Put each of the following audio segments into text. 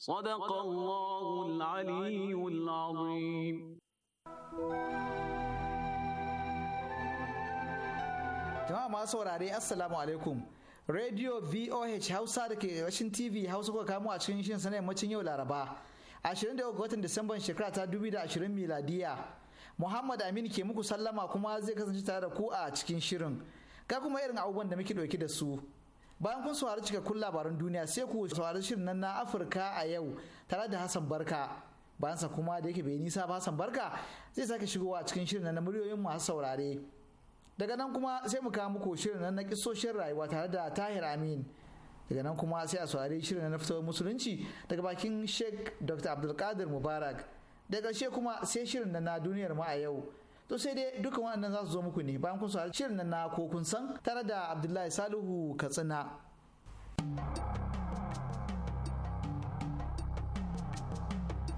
صدق الله العلي العظيم jama'a masu saurare assalamu alaikum radio voh hausa da ke rashin tv hausa kuka kamo a cikin shirin sanar yammacin yau laraba 23 ga watan disamban shekara ta 2020 miladiya muhammad amin ke muku sallama kuma zai kasance tare da ku a cikin shirin ga kuma irin abubuwan da muke dauke da su bayan kun saurari cikakkun labaran duniya sai ku saurari shirin nan na afirka a yau tare da hassan barka bayansa kuma da yake bai nisa ba hassan barka zai sake shigowa a cikin shirin nan na muryoyin masu saurare daga nan kuma sai mu kawo muku shirin nan na kisoshin rayuwa tare da tahir amin daga nan kuma sai a saurari shirin na fitowar musulunci daga bakin sheikh dr abdulkadir mubarak Daga ƙarshe kuma sai shirin na duniyar mu a yau to sai dai dukan waɗannan za su zo muku ne bayan kun saurari shirin na ko kun san tare da Abdullahi Salihu Katsina.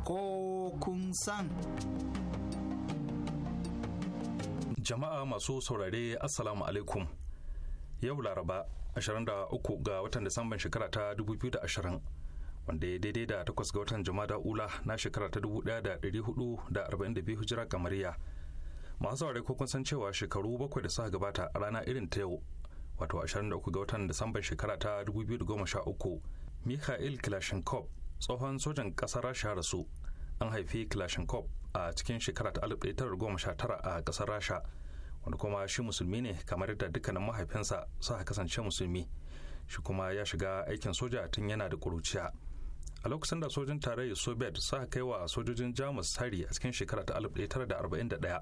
Ko kun san. Jama'a masu saurare Assalamu alaikum. Yau Laraba 23 ga watan Disamban shekara ta 2020 wanda ya daidai da takwas ga watan Jama'a ula na shekara ta 1442 Hijira kamariya. masu saurare ko kun san cewa shekaru bakwai da suka gabata a rana irin ta yau wato 23 ga watan disamban shekara ta 2013 mikhail kalashnikov tsohon sojan kasar rasha rasu an haifi kalashnikov a cikin shekara ta 1919 a kasar rasha wanda kuma shi musulmi ne kamar yadda dukkanin mahaifinsa suka kasance musulmi shi kuma ya shiga aikin soja tun yana da kuruciya a lokacin da sojin tarayyar soviet suka kai wa sojojin jamus hari a cikin shekara ta 1941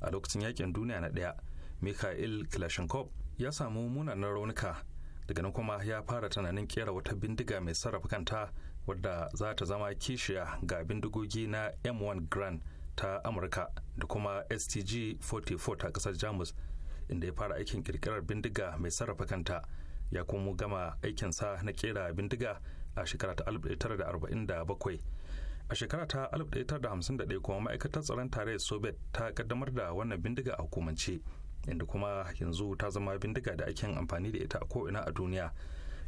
a lokacin yakin duniya na ɗaya mikhail kalashnikov ya samu munanan raunuka daga nan kuma ya fara tunanin kera wata bindiga mai sarrafa kanta wadda za ta zama kishiya ga bindigogi na m1 grand ta amurka da kuma stg 44 ta kasar jamus inda ya fara aikin kirkirar bindiga mai sarrafa kanta ya kuma gama aikinsa na kera bindiga a shekara ta 1947 a shekara ta 1951 kuma ma'aikatar tsaron tarayyar soviet ta kaddamar da wannan bindiga a hukumance inda kuma yanzu ta zama bindiga da ake amfani da ita a ko'ina a duniya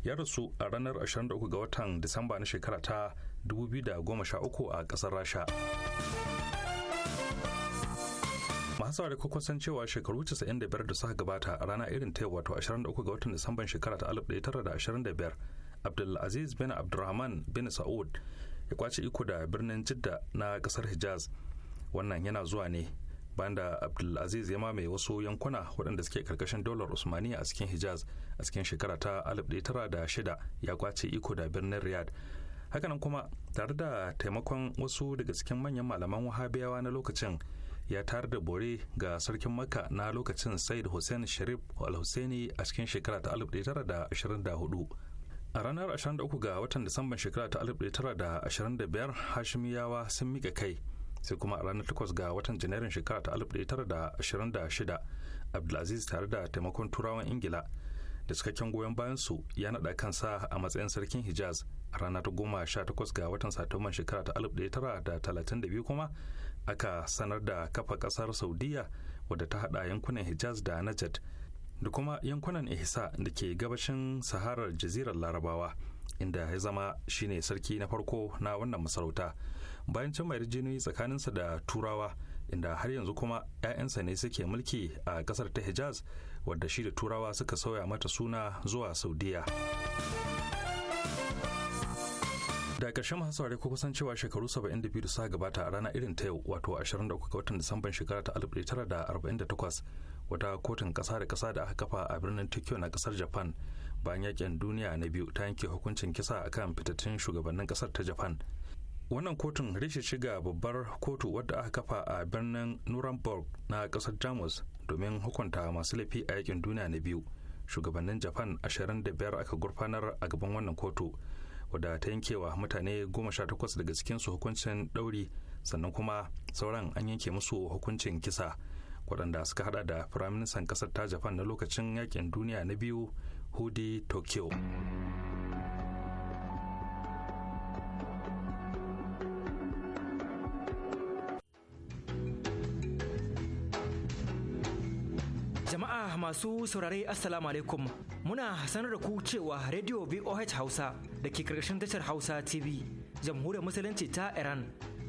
ya rasu a ranar 23 ga watan disamba na shekara ta 2013 a kasar rasha masu saurari ko cewa shekaru 95 da suka gabata a rana irin ta wato 23 ga watan disamban shekara ta 1925 abdulaziz bin abdurrahman bin sa'ud ya kwace iko da birnin jidda na kasar hijaz wannan yana zuwa ne bayan da abdulaziz ya mamaye wasu yankuna waɗanda suke karkashin dolar usmaniya a cikin hijaz a cikin shekara ta shida ya kwace iko da birnin riyad hakanan kuma tare da taimakon wasu daga cikin manyan malaman wahabiyawa na lokacin ya tare da bore ga sarkin makka na lokacin said hussein sharif al-husseini a cikin shekara ta 1924 a ranar 23 ga watan disamban shekara ta 1925 hashimiyawa sun mika kai sai kuma a ranar 8 ga watan janairun shekara ta 1926 abdulaziz tare da taimakon turawan ingila da cikakken goyon bayan su ya naɗa kansa a matsayin sarkin hijaz a ranar 18 ga watan satumban shekara ta 1932 kuma aka sanar da kafa ƙasar saudiyya wadda ta haɗa yankunan hijaz da najd. da kuma yankunan ihsa da ke gabashin saharar jazirar larabawa inda ya zama shine sarki na farko na wannan masarauta bayan cin jini tsakaninsa da turawa inda har yanzu kuma 'ya'yansa ne suke mulki a kasar ta hijaz wadda shi da turawa suka sauya mata suna zuwa saudiya da ƙarshen masu saurari ko kusan cewa shekaru 72 da sa gabata a rana irin ta yau wato 23 ga watan disamban shekara ta 1948 wata kotun ƙasa da ƙasa da aka kafa a birnin tokyo na ƙasar japan bayan yakin duniya na biyu ta yanke hukuncin kisa a kan fitattun shugabannin ƙasar ta japan wannan kotun rishi shiga babbar kotu wadda aka kafa a birnin nuremberg na ƙasar jamus domin hukunta masu laifi a yakin duniya na biyu shugabannin japan 25 aka gurfanar a gaban wannan kotu wadda ta yankewa mutane sha 18 daga cikinsu hukuncin ɗauri sannan kuma sauran an yanke musu hukuncin kisa waɗanda suka hada da firaministan ƙasar ta japan na lokacin yakin duniya na biyu hudi tokyo jama'a masu saurare assalamu alaikum muna sanar da ku cewa radio voh hausa da ke karkashin tashar hausa tv jamhuriyar musulunci ta iran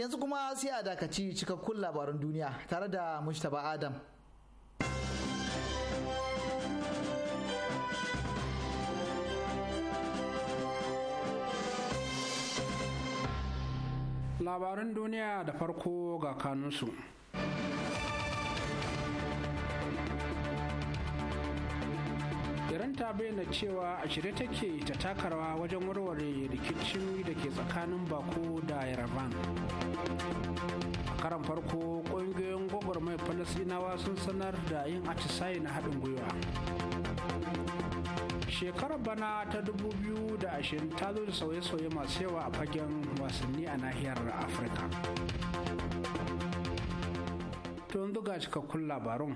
yanzu kuma sai a dakaci cikakkun labarin duniya tare da mustapha adam Labarin duniya da farko ga kanunsu ta bayyana cewa a shirye take ta takarwa wajen warware rikicin da ke tsakanin baku da yarban. a karan farko ƙungiyoyin gwagwarmai falasinawa sun sanar da yin atisaye na haɗin gwiwa shekarar bana ta dubu biyu da ashirin ta zo da sauye-sauye masu yawa a fagen wasanni a nahiyar afirka tun zuga cikakkun labarun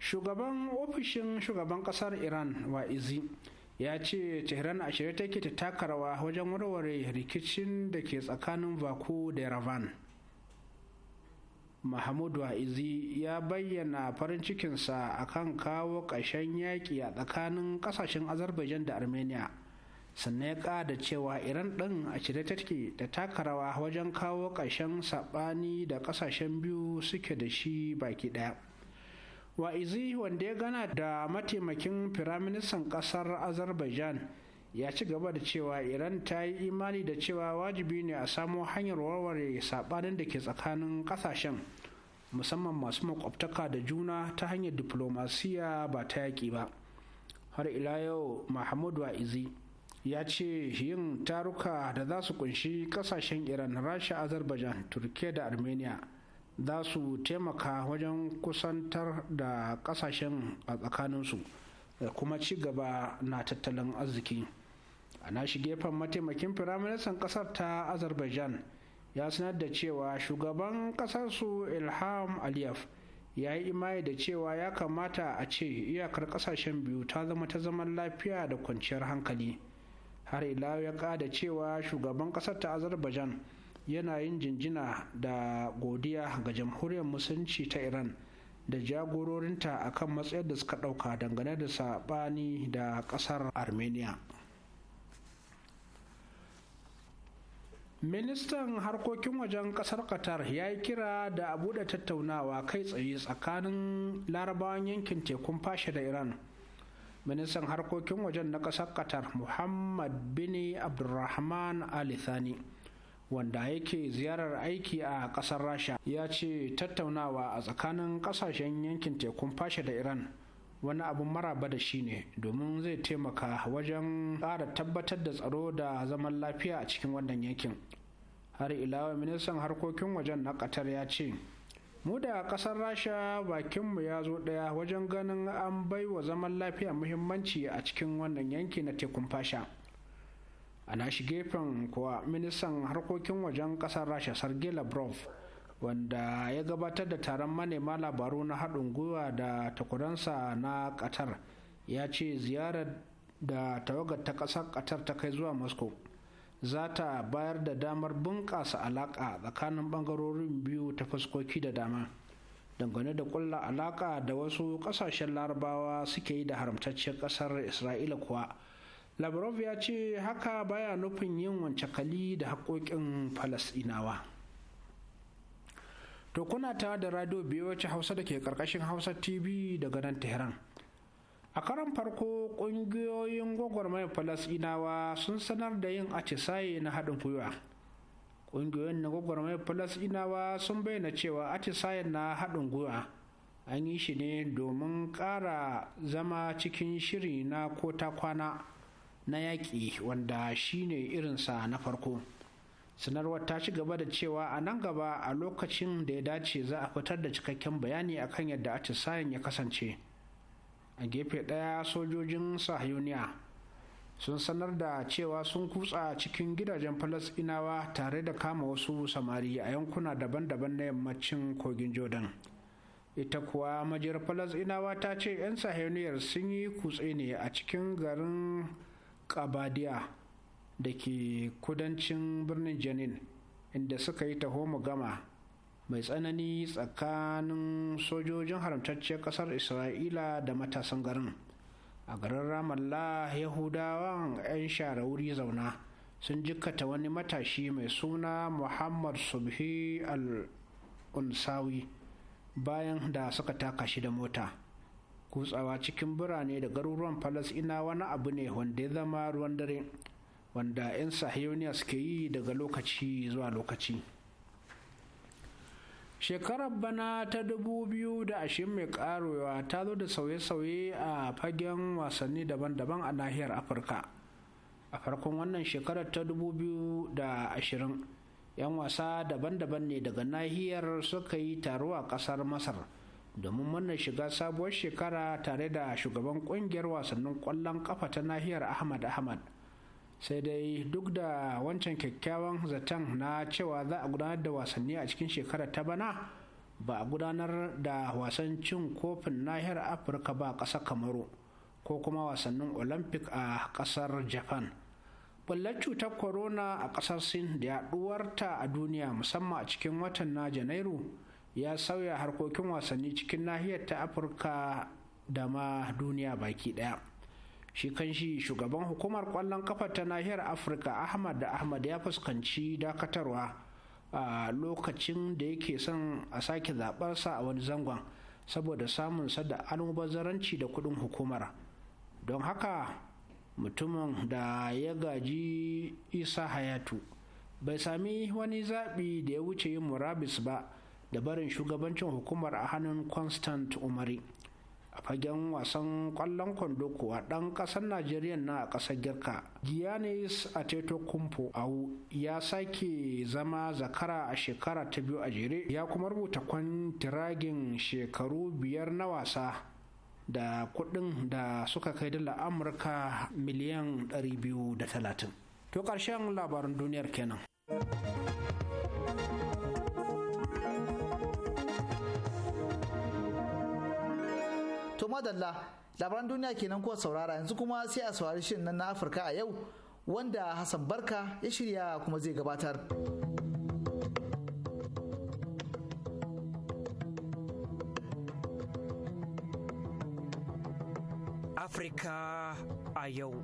shugaban ofishin shugaban kasar iran wa'izi ya ce tehran a shirye take ta taka rawa wajen warware rikicin da ke tsakanin baku da ravan mahmud wa'izi ya bayyana farin cikinsa akan kawo ƙashen yaƙi a tsakanin ƙasashen azerbaijan da armenia sannan ya ƙada cewa iran ɗin a shirye take da taka rawa wajen kawo ƙarshen saɓani da ƙasashen biyu suke da shi baki ɗaya wa'izi wanda ya gana da mataimakin firaministan ƙasar azerbaijan ya ci gaba da cewa iran ta yi imani da cewa wajibi ne a samo hanyar warware saɓanin da ke tsakanin ƙasashen musamman masu makwabtaka da juna ta hanyar diplomasiya ba ta yaƙi ba har ila yau mahmud wa'izi ya ce yin taruka da za su kunshi ƙasashen iran rasha azerbaijan turkiya da armenia za su taimaka wajen kusantar da kasashen a tsakaninsu kuma ci gaba na tattalin arziki a nashi gefen mataimakin firaministan kasar ta azerbaijan ya sanar da cewa shugaban kasarsu ilham aliyev ya yi imani da cewa ya kamata a ce iyakar kasashen biyu ta zama ta zaman lafiya da kwanciyar hankali har ila ya kada cewa shugaban kasar ta azerbaijan yana yin jinjina da godiya ga jamhuriyar musulunci ta iran da jagororinta akan matsayar da suka ɗauka dangane da saɓani da ƙasar armenia ministan harkokin wajen kasar qatar ya yi kira da a buɗe tattaunawa kai tsaye tsakanin larabawan yankin tekun fashe da iran ministan harkokin wajen na kasar qatar muhammad bin abdulrahman al-thani wanda yake ziyarar aiki a kasar rasha ya ce tattaunawa a tsakanin kasashen yankin tekun fasha da iran wani abun maraba da shi ne domin zai taimaka wajen ƙara tabbatar da tsaro da zaman lafiya a cikin wannan yankin har ilawa ministan harkokin wajen na qatar ya ce mu da kasar rasha bakinmu ya zo ɗaya wajen ganin an bai wa zaman lafiya muhimmanci a cikin wannan yanki na tekun fasha a nashi gefen kuwa ministan harkokin wajen kasar rasha sergei lavrov wanda ya gabatar da taron manema labaru na haɗin gwiwa da takudansa na qatar ya ce ziyarar da tawagar ta ƙasar qatar ta kai zuwa moscow za ta bayar da damar bunƙasa alaƙa tsakanin ɓangarorin biyu ta fuskoki da dama dangane da ƙulla alaƙa da wasu ƙasashen larabawa suke yi da haramtacciyar ƙasar isra'ila kuwa lavrov ya ce haka baya nufin yin wancakali da haƙoƙin falasɗinawa to kuna ta da radio biyu wacce hausa da ke ƙarƙashin hausa tv daga nan tehran a karan farko ƙungiyoyin gwagwarmayar falasɗinawa sun sanar da yin atisaye na haɗin gwiwa ƙungiyoyin na gwagwarmayar falasɗinawa sun bayyana cewa atisayen na haɗin gwiwa an yi shi ne domin ƙara zama cikin shiri na kota kwana na yaƙi wanda shine irinsa na farko sanarwar ta ci gaba da cewa a nan gaba a lokacin da ya dace za a fitar da cikakken bayani akan yadda atisayen ya kasance a gefe ɗaya sojojin sahiyoniya sun sanar da cewa sun kutsa cikin gidajen falasɗinawa tare da kama wasu samari a yankuna daban-daban na yammacin kogin jordan ita kuwa majiyar falasɗinawa ta ce 'yan sahiyoniyar sun yi kutse ne a cikin garin kabadiya da ke kudancin birnin janin inda suka yi taho gama mai tsanani tsakanin sojojin haramtacciyar kasar isra'ila da matasan garin a garin ramallah yahudawan 'yan shara wuri zauna sun jikkata wani matashi mai suna muhammad subhi al-unsawi bayan da suka taka shi da mota kutsawa cikin birane da garuruwan falas ina wani abu ne wanda ya zama ruwan dare wanda 'yan sahiyoniya suke yi daga lokaci zuwa lokaci shekarar bana ta 2020 mai karowa ta zo da sauye-sauye a fagen wasanni daban-daban a nahiyar afirka a farkon wannan shekarar ta dubu biyu da ashirin, 'yan wasa daban-daban ne daga nahiyar suka yi taro a kasar masar domin wannan shiga sabuwar shekara tare da shugaban kungiyar wasannin kwallon kafa ta nahiyar ahmad ahmad sai dai duk da wancan kyakkyawan zaton na cewa za a gudanar da wasanni a cikin shekara ta bana ba a gudanar da wasan cin kofin nahiyar afirka ba ƙasa kamaru ko kuma wasannin olympic a ƙasar japan bullar cutar corona a ƙasar sin da yaɗuwarta a duniya musamman a cikin watan na janairu ya sauya harkokin wasanni cikin nahiyar ta afirka da ma duniya baki daya shi kan shi shugaban hukumar kwallon kafa ta nahiyar afirka ahmad da ahmad ya fuskanci dakatarwa a lokacin da yake son a sake zaɓarsa a wani zangon saboda samun sada almubazzaranci da kudin hukumar don haka mutumin da ya gaji isa hayatu bai sami wani zaɓi da ya wuce yin murabis ba da barin shugabancin hukumar a hannun constant umari a fagen wasan kwallon kwando kuwa ɗan ƙasar najeriya na a ƙasar girka giannis kumpo au ya sake zama zakara a shekara ta biyu a jere ya kuma rubuta kwantiragin shekaru biyar na wasa da kuɗin da suka kai dala amurka miliyan 230 to ƙarshen labarin duniyar kenan madalla labaran duniya kenan kuwa saurara yanzu kuma sai a saurari shirin nan na afirka a yau wanda hassan barka ya shirya kuma zai gabatar afirka a yau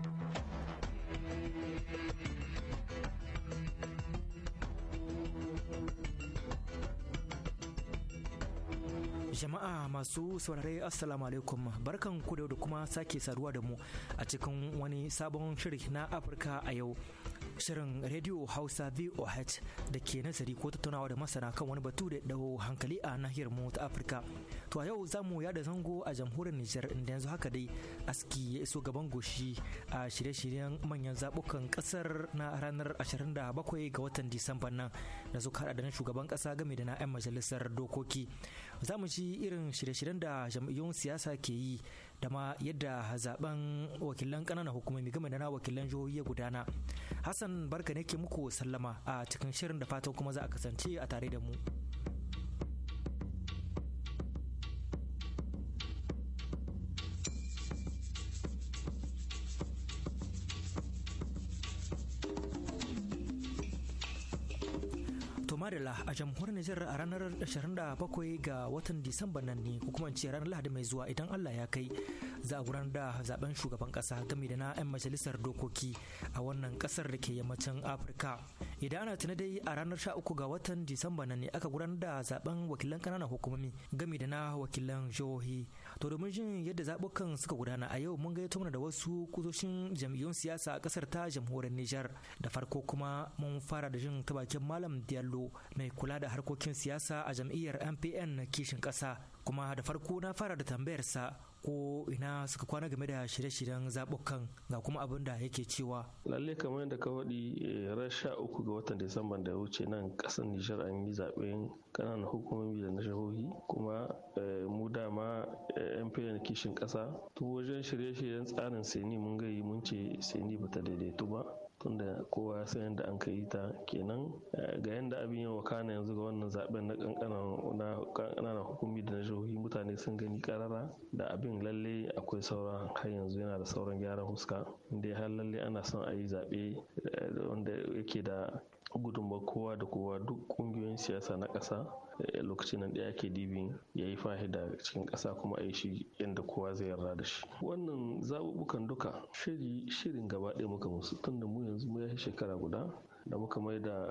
Jama'a masu saurare Assalamu alaikum barkan ku da kuma sake saduwa da mu a cikin wani sabon shiri na Afirka a yau. shirin Radio Hausa VOH da ke nazari ko tattaunawa da masana kan wani batu da dawo hankali a nahiyar mu ta Afirka. To a yau za mu yada zango a jamhuriyar Nijar inda yanzu haka dai aski ya iso gaban goshi a shirye-shiryen manyan zabukan kasar na ranar 27 ga watan disamba nan da suka hada da na shugaban kasa game da na 'yan majalisar dokoki. Za mu ji irin shirye-shiryen da jam'iyyun siyasa ke yi da ma yadda zaben wakilan kananan hukumomi game da na wakilan jihohi ya gudana hassan barka ne ke muku sallama a cikin shirin da fatan kuma za a kasance a tare da mu. jamhuriyar Nijar a ranar 27 ga watan Disamba nan ne ko ranar Lahadi mai zuwa idan Allah ya kai za a gudanar da zaben shugaban kasa game da na 'yan majalisar dokoki a wannan kasar da ke yammacin Afirka. Idan ana tuna dai a ranar 13 ga watan Disamba nan ne aka gudanar da zaben wakilan kananan hukumomi game da na wakilan jihohi To domin jin yadda zaɓukan suka gudana a yau mun gayyato mana da wasu kusoshin jam'iyyun siyasa a ƙasar ta jamhuriyar Nijar da farko kuma mun fara da jin tabakin Malam Diallo mai kula da harkokin siyasa a jam'iyyar MPN kishin ƙasa kuma da farko na fara da tambayarsa ko ina suka kwana game da shirye-shiryen zaɓukan ga kuma abin da yake cewa. Lalle kamar yadda ka faɗi eh, rasha uku ga watan Disamba da ya wuce nan ƙasar Nijar an yi zaɓen ƙananan hukumomi da na jihohi kuma eh, mu dama eh, 'yan da kishin ƙasa. To wajen shirye-shiryen tsarin Seni mun gayi mun ce Seni bata daidaito ba. tunda kowa ya san yadda an ka yi ta kenan eh, ga yadda abin ya wakana yanzu ga wannan zaɓen na ƙanƙanan hukumi da na jihohi mutane sun gani karara da abin lalle akwai sauran har yanzu yana da sauran gyaran huska inda har lalle ana son a yi zaɓe eh, wanda yake da gudunmawar kowa da kowa duk ƙungiyoyin siyasa na ƙasa eh, lokacin nan ɗaya ake dibin ya yi fahida cikin ƙasa kuma a yi shi yadda kowa zai yarda da shi wannan zaɓuɓɓukan duka shiri shirin gaba ɗaya muka musu tunda mu yanzu mu ya shekara guda da muka mai da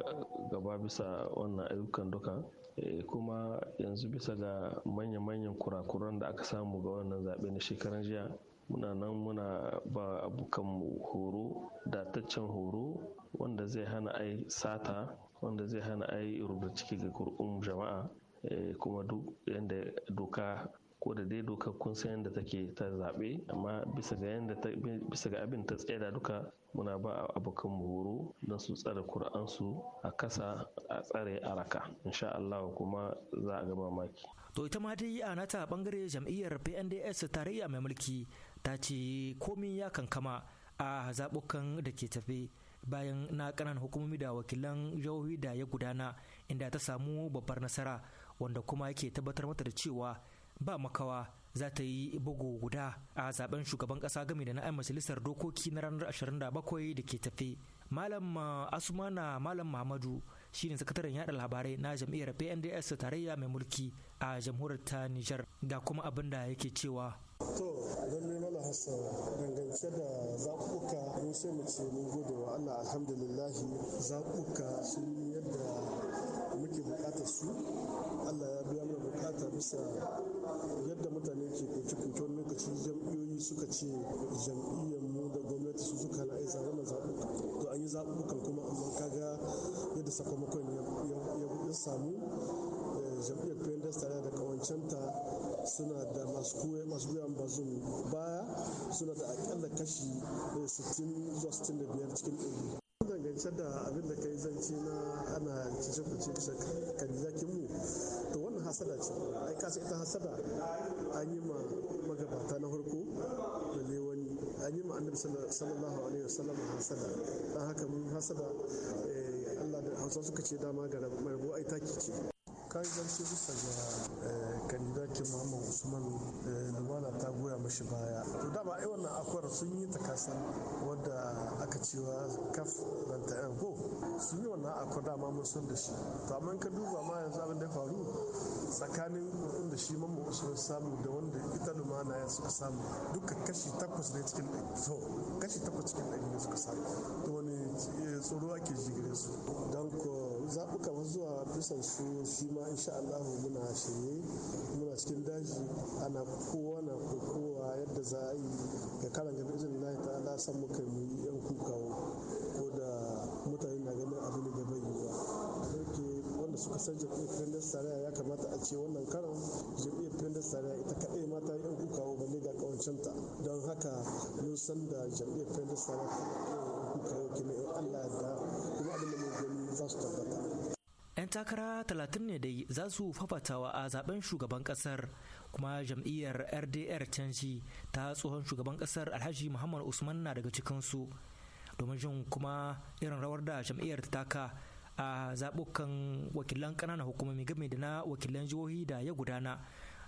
gaba bisa wannan ayyukan duka eh, kuma yanzu bisa ga manya-manyan kurakuran da aka samu ga wannan zaɓe na shekaran jiya muna nan muna ba abokanmu horo dataccen horo wanda zai hana a sata wanda zai hana a yi rubuta ciki ga kurkun jama'a eh, kuma duk yadda doka ko da dai doka kun san yadda take ta zaɓe amma bisa ga yadda ta bisa ga abin ta tsaya duka muna ba abokan horo don su tsare kur'ansu a kasa a tsare a raka insha Allah kuma za a ga mamaki to ita ma dai a nata bangare jam'iyyar PNDS tarayya mai mulki ta ce komin ya kankama a zaɓukan da ke tafi. bayan na kanana hukumomi da wakilan jihohi da ya gudana inda ta samu babbar nasara wanda kuma yake tabbatar mata da cewa ba makawa za ta yi bugu guda a zaben shugaban kasa gami da na'ayin majalisar dokoki na ranar 27 da ke tafe malam uh, asumana malam muhammadu shine sakataren yada labarai na jam'iyyar pnds tarayya mai mulki a jamhuriyar ta niger. ga kuma abin da yake cewa To, lalle mala Hassan dangance da zaɓuɓɓuka mun sai mu ce mun gode wa Allah alhamdulillahi zaɓuɓɓuka sun yi yadda muke buƙatar su. Allah ya biya mana buƙata bisa yadda mutane ke kuce-kuce wani lokaci jam'iyyoyi suka ce jam'iyyar mu da gwamnati su suka hana ai na zaɓuɓɓuka. To an yi zaɓuɓɓukan kuma amma kaga yadda sakamakon ya samu eh, jam'iyyar PNDS tare da kawancanta suna da masu goyon bazum baya suna da akalla kashi 60 eh, zuwa 65 cikin ɗari dangance da abin da kai zance na ana cice kuce bisa kanjakin mu to wannan hasada ce ai kasa ita hasada an yi ma magabata na harko da ne wani an yi ma annabi sallallahu alaihi wasallam hasada dan haka mun hasada eh, Allah da Hausa suka ce dama ga marbu ai taki ce kai zance bisa ga eh, sarkin muhammad usman lumana eh, ta goya mashi baya to dama ai wannan akwar sun yi ta kasan wadda aka cewa kaf ta yan go sun yi wannan akwar dama mun san da shi to amma ka duba ma yanzu abin da ya faru tsakanin kudin da shi mamman usman samu da wanda ita lumana ya suka samu duka kashi takwas ne cikin ɗari so kashi takwas cikin ɗari ne suka samu to wani eh, tsoro ake jigire su don ko zaɓuka ba zuwa bisan su shi ma insha Allah muna shirye muna cikin daji ana kowa na kokowa yadda za a yi ga karan izinin na ta ala san muka yi yan kukawo ko da mutane na ganin abu ne da bai yi ba wanda suka san jam'iyyar firindas tarayya ya kamata a ce wannan karan jam'iyyar firindas tarayya ita kaɗai mata yi yan kukawo ne ga kawancanta don haka mun san da jam'iyyar firindas tarayya ta kawo kukawo kuma in Allah ya da kuma abin da mai gani za su tabbata 'yan takara talatin ne dai za su fafatawa a zaben shugaban kasar kuma jam'iyyar rdr canji ta tsohon shugaban kasar alhaji muhammad usman na daga cikinsu domin jin kuma irin rawar da jam'iyyar ta taka a zaɓukan wakilan ƙananan hukumomi game da na wakilan jihohi da ya gudana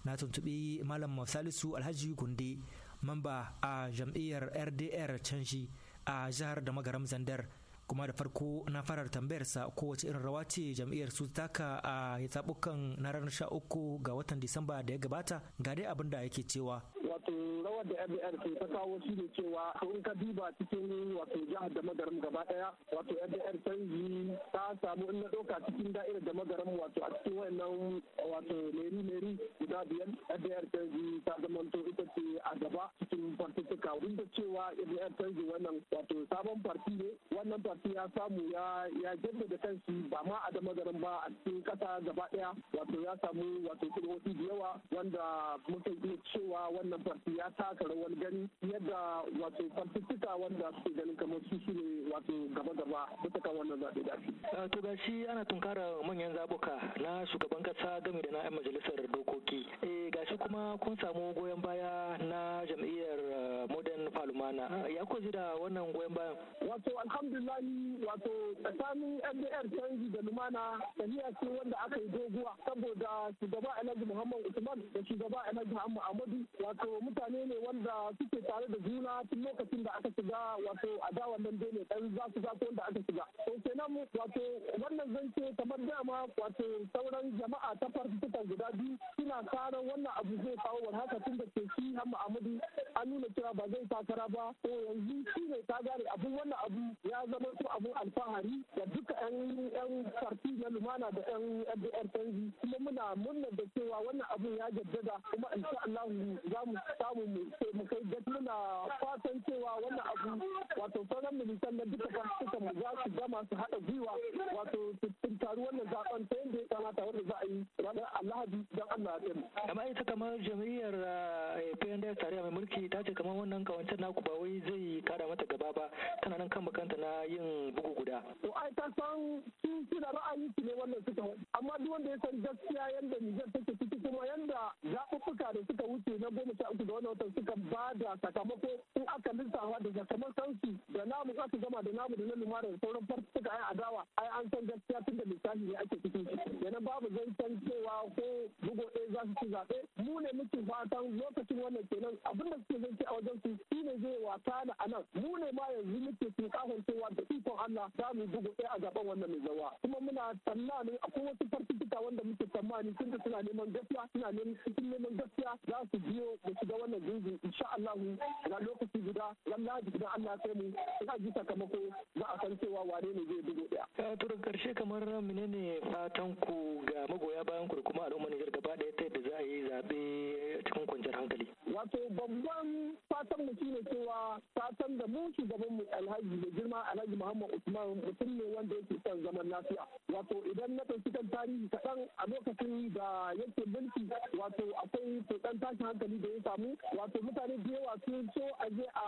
na tuntuɓi malam salisu alhaji gunde mamba a jam'iyyar rdr canji a jihar da magaram zandar kuma da farko na farar tambayarsa kowace irin rawa ce jam'iyyar su taka a zaɓukan na ranar 13 ga watan disamba da ya gabata ga dai abin da yake cewa wato rawar da FDR ke ta kawo shi ne cewa to in ka duba cikin wato jihar da magaram gaba daya wato FDR yi ta samu in na doka cikin da'irar da magaram wato a cikin wayannan wato meri meri guda biyar FDR yi ta to ita ce a gaba cikin fartuka wanda cewa FDR yi wannan wato sabon farti ne wannan farti ya samu ya ya jaddada kansu ba ma a da magaram ba a cikin kasa gaba daya wato ya samu wato kudi da yawa wanda mutum iya cewa wannan tabbas ya taka rawar gani yadda wato kwantistika wanda suke ganin kamar su shi ne wato gaba-gaba duka kan wannan zaɓe da shi. Ah, to ga shi ana tunkara manyan zabuka na shugaban kasa game da na 'yan majalisar dokoki. eh ga shi kuma kun samu goyon baya na jam'iyyar ah, modern palumana ah, ya ku ji da wannan goyon bayan. wato alhamdulilayi wato tsakanin ndr canji da lumana tafiya ce wanda aka yi doguwa saboda shugaba alhaji muhammad usman da shugaba alhaji muhammad amadu wato mutane ne wanda suke tare da juna tun lokacin da aka shiga wato a da wannan dole dan za su za wanda aka shiga to kenan wato wannan zance kamar dama wato sauran jama'a ta ta guda biyu suna karan wannan abu zai kawo wani haka tun da ke shi har Muhammadu an nuna cewa ba zai takara ba ko yanzu shi ne ta gare abin wannan abu ya zama su abin alfahari da duka yan yan farti na lumana da yan yan canji kuma muna murnar da cewa wannan abin ya jaddada kuma insha Allah za mu samun mu kai ga muna fatan cewa wannan abu wato sauran ministan na duka suka mu za su gama su haɗa gwiwa wato su taru wannan zaben ta yadda ya kamata wanda za a yi ranar alhaji don Allah ya tsare. amma ita kamar jam'iyyar eh, PNDS tarayya mai mulki ta ce kamar wannan kawancin naku ba wai zai kara mata gaba ba tana nan kan bakanta na yin bugu guda. to ai ta san su suna ra'ayi su ne wannan suka amma duk wanda ya san gaskiya yadda Nijar take ciki kuma yadda zaɓuɓɓuka da suka wuce na goma sha su da wani watan suka ba da sakamako in aka lissafa da sakamakon su da namu aka gama da namu da na lumarar sauran farko suka yi adawa ai an san gaskiya tun da lissafi ne ake cikin shi yana babu zancen cewa ko bugo ɗaya za su ci zaɓe mu ne muke fatan lokacin wannan kenan abin da suke zance a wajen su shi ne zai wata da nan mu ne ma yanzu muke tunkahon cewa da ikon Allah za mu bugo ɗaya a gaban wannan mai zawa kuma muna tsammanin akwai wasu fartuttuka wanda muke tsammani tun da suna neman gaskiya suna neman gaskiya za su biyo da su shiga wannan jirgin insha Allah ga lokaci guda wallahi idan Allah ya mu ga ji sakamako za a san cewa wane ne zai dubo daya. Eh, to daga karshe kamar ne fatan ku ga magoya bayan ku a kuma al'umma ne gaba daya ta yadda za a yi zaɓe cikin kwanciyar hankali. wato babban fatan mu shine cewa fatan da mu gaban mu Alhaji da girma Alhaji Muhammad Usman mutum ne wanda yake son zaman lafiya wato idan na tafi kan tarihi kaɗan a lokacin da yake mulki wato akwai tsotsan tashin hankali da ya samu wato mutane da yawa sun so a je a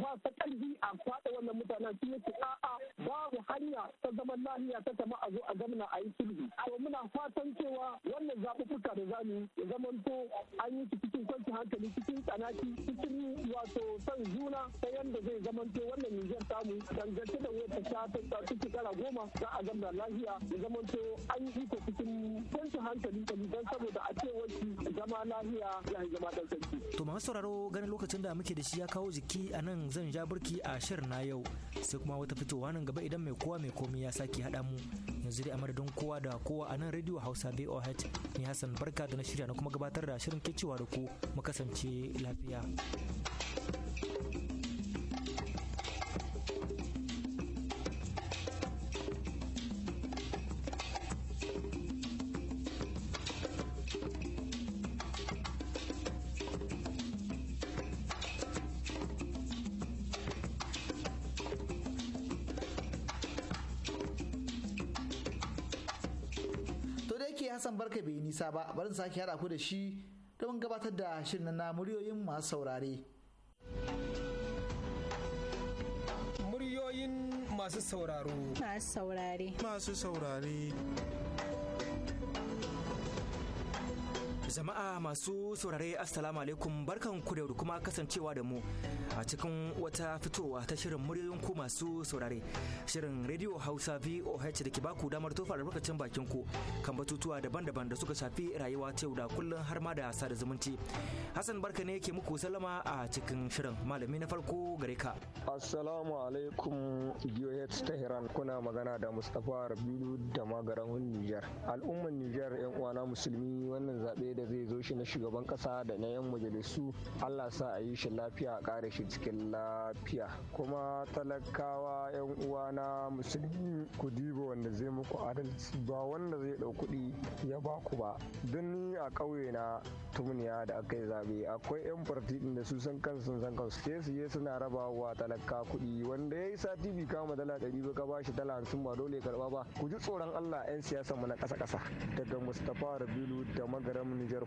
ba ta karfi a faɗa wannan mutanen sun yi a'a babu hanya ta zaman lafiya ta tama a zo a gamna a yi sulhu to muna fatan cewa wannan zaɓuɓɓuka da zamu ya zamanto an yi su cikin kwanci hankali cikin tsanaki cikin wato san juna ta yadda zai zamanto wannan nijar tamu dangantaka da wata ta ta shekara goma za a gamna lafiya ya zamanto an yi iko cikin kwanci hankali don saboda a ce wani zama lafiya ya yi zama ɗan To masu sauraro ganin lokacin da muke da shi ya kawo jiki a nan zan ja burki a shirin na yau sai kuma wata fitowa nan gaba idan mai kowa mai komai ya sake haɗa mu yanzu dai a madadin kowa da kowa a nan radio Hausa BOH ni Hassan barka da na shirya na kuma gabatar da shirin ke cewa da ku mu kasance lafiya. sake haɗa ku da shi don gabatar da shirin na muryoyin masu saurare. Muryoyin masu sauraro. Masu saurare. Masu saurare. Jama'a masu saurare assalamu alaikum barkan ku da kuma kasancewa da mu a cikin wata fitowa ta shirin muryoyin ku masu saurare shirin radio hausa voh da ke baku damar tofa albarkacin bakin ku kan batutuwa daban-daban da suka shafi rayuwa ta yau da kullum har ma da sada zumunci hassan barka ne ke muku salama a cikin shirin malami na farko gare ka assalamu alaikum voh tehran kuna magana da mustapha rabilu da magaran nijar al'umman nijar yan uwana musulmi wannan zaɓe da zai zo shi na shugaban kasa da na 'yan majalisu allah sa a yi shi lafiya a kare shi cikin lafiya kuma talakawa 'yan uwa na musulmi ku diba wanda zai muku adalci ba wanda zai dau kuɗi ya ba ku ba don ni a ƙauye na tumniya da aka yi zaɓe akwai 'yan farti da su san kansu sun san kansu sai su je suna raba wa talaka kuɗi wanda ya yi sati bi kama dala ɗari ba ka ba shi dala hamsin ba dole ya karɓa ba ku ji tsoron allah 'yan siyasa mu na kasa kasa. daga mustapha rabilu da magaram nijar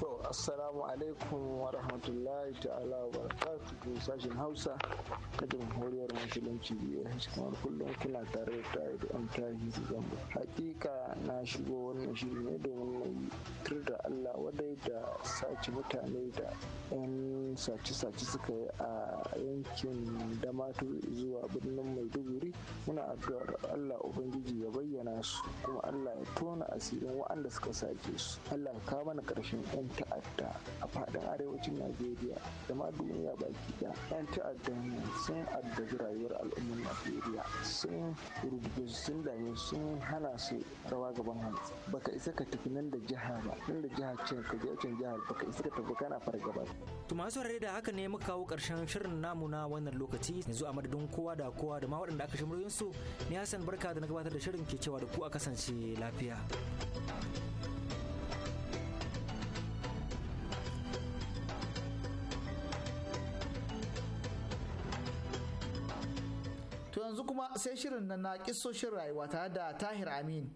To, Assalamu alaikum wa rahmatullahi ta'ala wa barakatuhu sashen Hausa ta jamhuriyar musulunci biyar kamar kullum kuna tare da da an su zamba. Hakika na shigo wannan shiri ne domin na yi da Allah wadai da sace mutane da 'yan sace-sace suka yi a yankin Damatu zuwa birnin Maiduguri muna addu'ar Allah Ubangiji ya bayyana su kuma Allah ya tona asirin waɗanda suka sace su. Allah ya kawo mana ƙarshen 'yan 'yan ta'adda a fadin arewacin najeriya da ma duniya baki da 'yan ta'adda sun addabi rayuwar al'ummar najeriya sun rubuce sun dame sun hana su rawa gaban hantsi baka isa ka tafi nan da jiha ba nan da jiha ce ka je can jihar baka isa ka tafi kana fargaba. to masu rare da haka ne muka kawo karshen shirin namu na wannan lokaci yanzu a madadin kowa da kowa da ma waɗanda aka shimriyoyin su ni hassan barka da na gabatar da shirin ke cewa da ku a kasance lafiya. yanzu kuma sai shirin nan na kisoshin rayuwa tare da tahir amin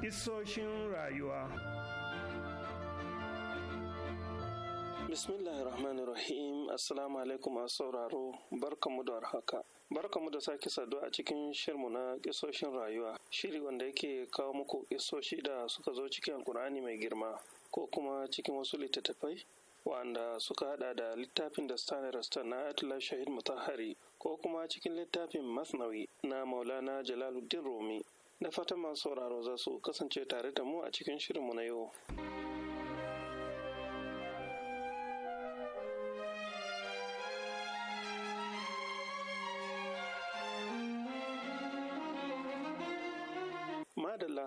Kisoshin rayuwa Bismillahir Rahmanir Rahim Assalamu alaikum a sauraro barkamu da warhaka mu da sake saduwa a cikin shirmu na kisoshin rayuwa shiri wanda yake kawo muku kisoshi da suka zo cikin Alkur'ani mai girma ko kuma cikin wasu littattafai wanda suka hada da littafin da stanley rastan na atula shahid mutahari ko kuma cikin littafin masnawi na maulana jalaluddin rumi da fatan masu sauraro za su kasance tare da mu a cikin shirinmu na yau.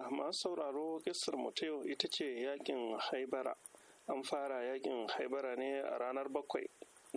Amma sauraro kisar mu ita ce yakin haibara. An fara yakin haibara ne a ranar bakwai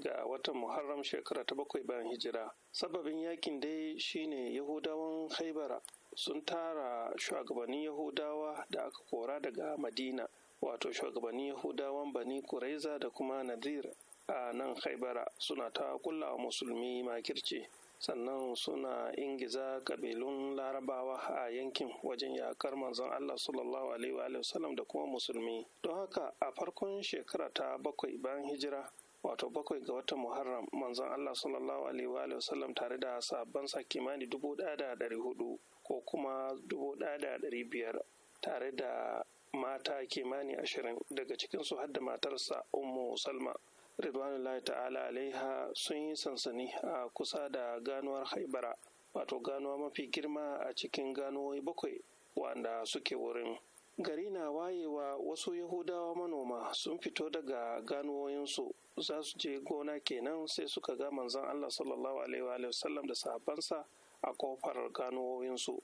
ga watan Muharram shekara ta bakwai bayan hijira. Sababin yakin dai shine Yahudawan haibara sun tara shugabannin Yahudawa da aka kora daga Madina, wato shugabannin Yahudawan Bani Kuraiza da kuma Nadir a nan haibara suna ta kulla musulmi makirci. sannan suna ingiza kabilun larabawa a yankin wajen yakar manzon Allah sallallahu alaihi wa da kuma musulmi don haka a farkon shekara ta bakwai bayan hijira wato bakwai ga watan muharram manzon Allah sallallahu alaihi wa tare da sabon kimani dubu hudu ko kuma dubu biyar tare da mata kimani ashirin daga cikinsu har da matarsa ummu salma ridwanullahi ta'ala alaiha sun yi sansani a kusa da ganuwar haibara wato ganuwa mafi girma a cikin ganuwoyi bakwai wanda suke wurin gari na wayewa wasu yahudawa manoma sun fito daga ganuwoyinsu za su je gona kenan sai suka ga manzon allah sallallahu alaihi wasallam da sabonsa a kofar ganuwoyinsu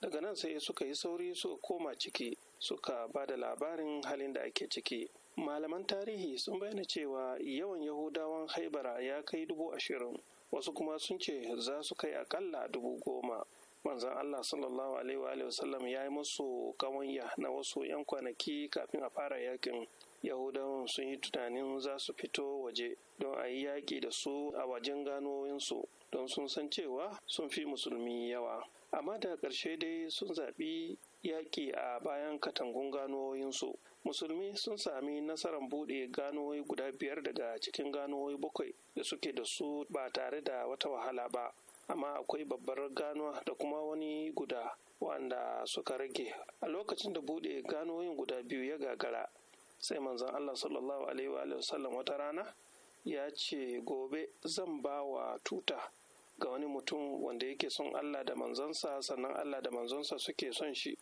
daga nan sai suka yi sauri suka koma ciki suka ba da labarin halin da ake ciki malaman tarihi sun bayyana cewa yawan yahudawan haibara ya kai dubu ashirin wasu kuma sun ce za su kai akalla dubu goma manzan allah sallallahu alaihi wa sallam ya yi musu kawanya na wasu 'yan kwanaki kafin a fara yakin yahudawan sun yi tunanin za su fito waje don a yi yaƙi da su a wajen ganoyinsu don sun san cewa sun fi musulmi yawa amma da ƙarshe dai sun zaɓi yaƙi a bayan katangun ganoyinsu musulmi sun sami nasarar buɗe ganowai guda biyar daga cikin ganowai bakwai da suke da su ba tare da wata wahala ba amma akwai babbar ganuwa da kuma wani guda wanda suka rage a lokacin da buɗe ganuwoyin guda biyu ya gagara sai manzon allah sallallahu alaihi wa sallam wata rana ya ce gobe zan ba wa tuta ga wani mutum wanda yake son allah da manzonsa sannan allah da manzonsa suke son shi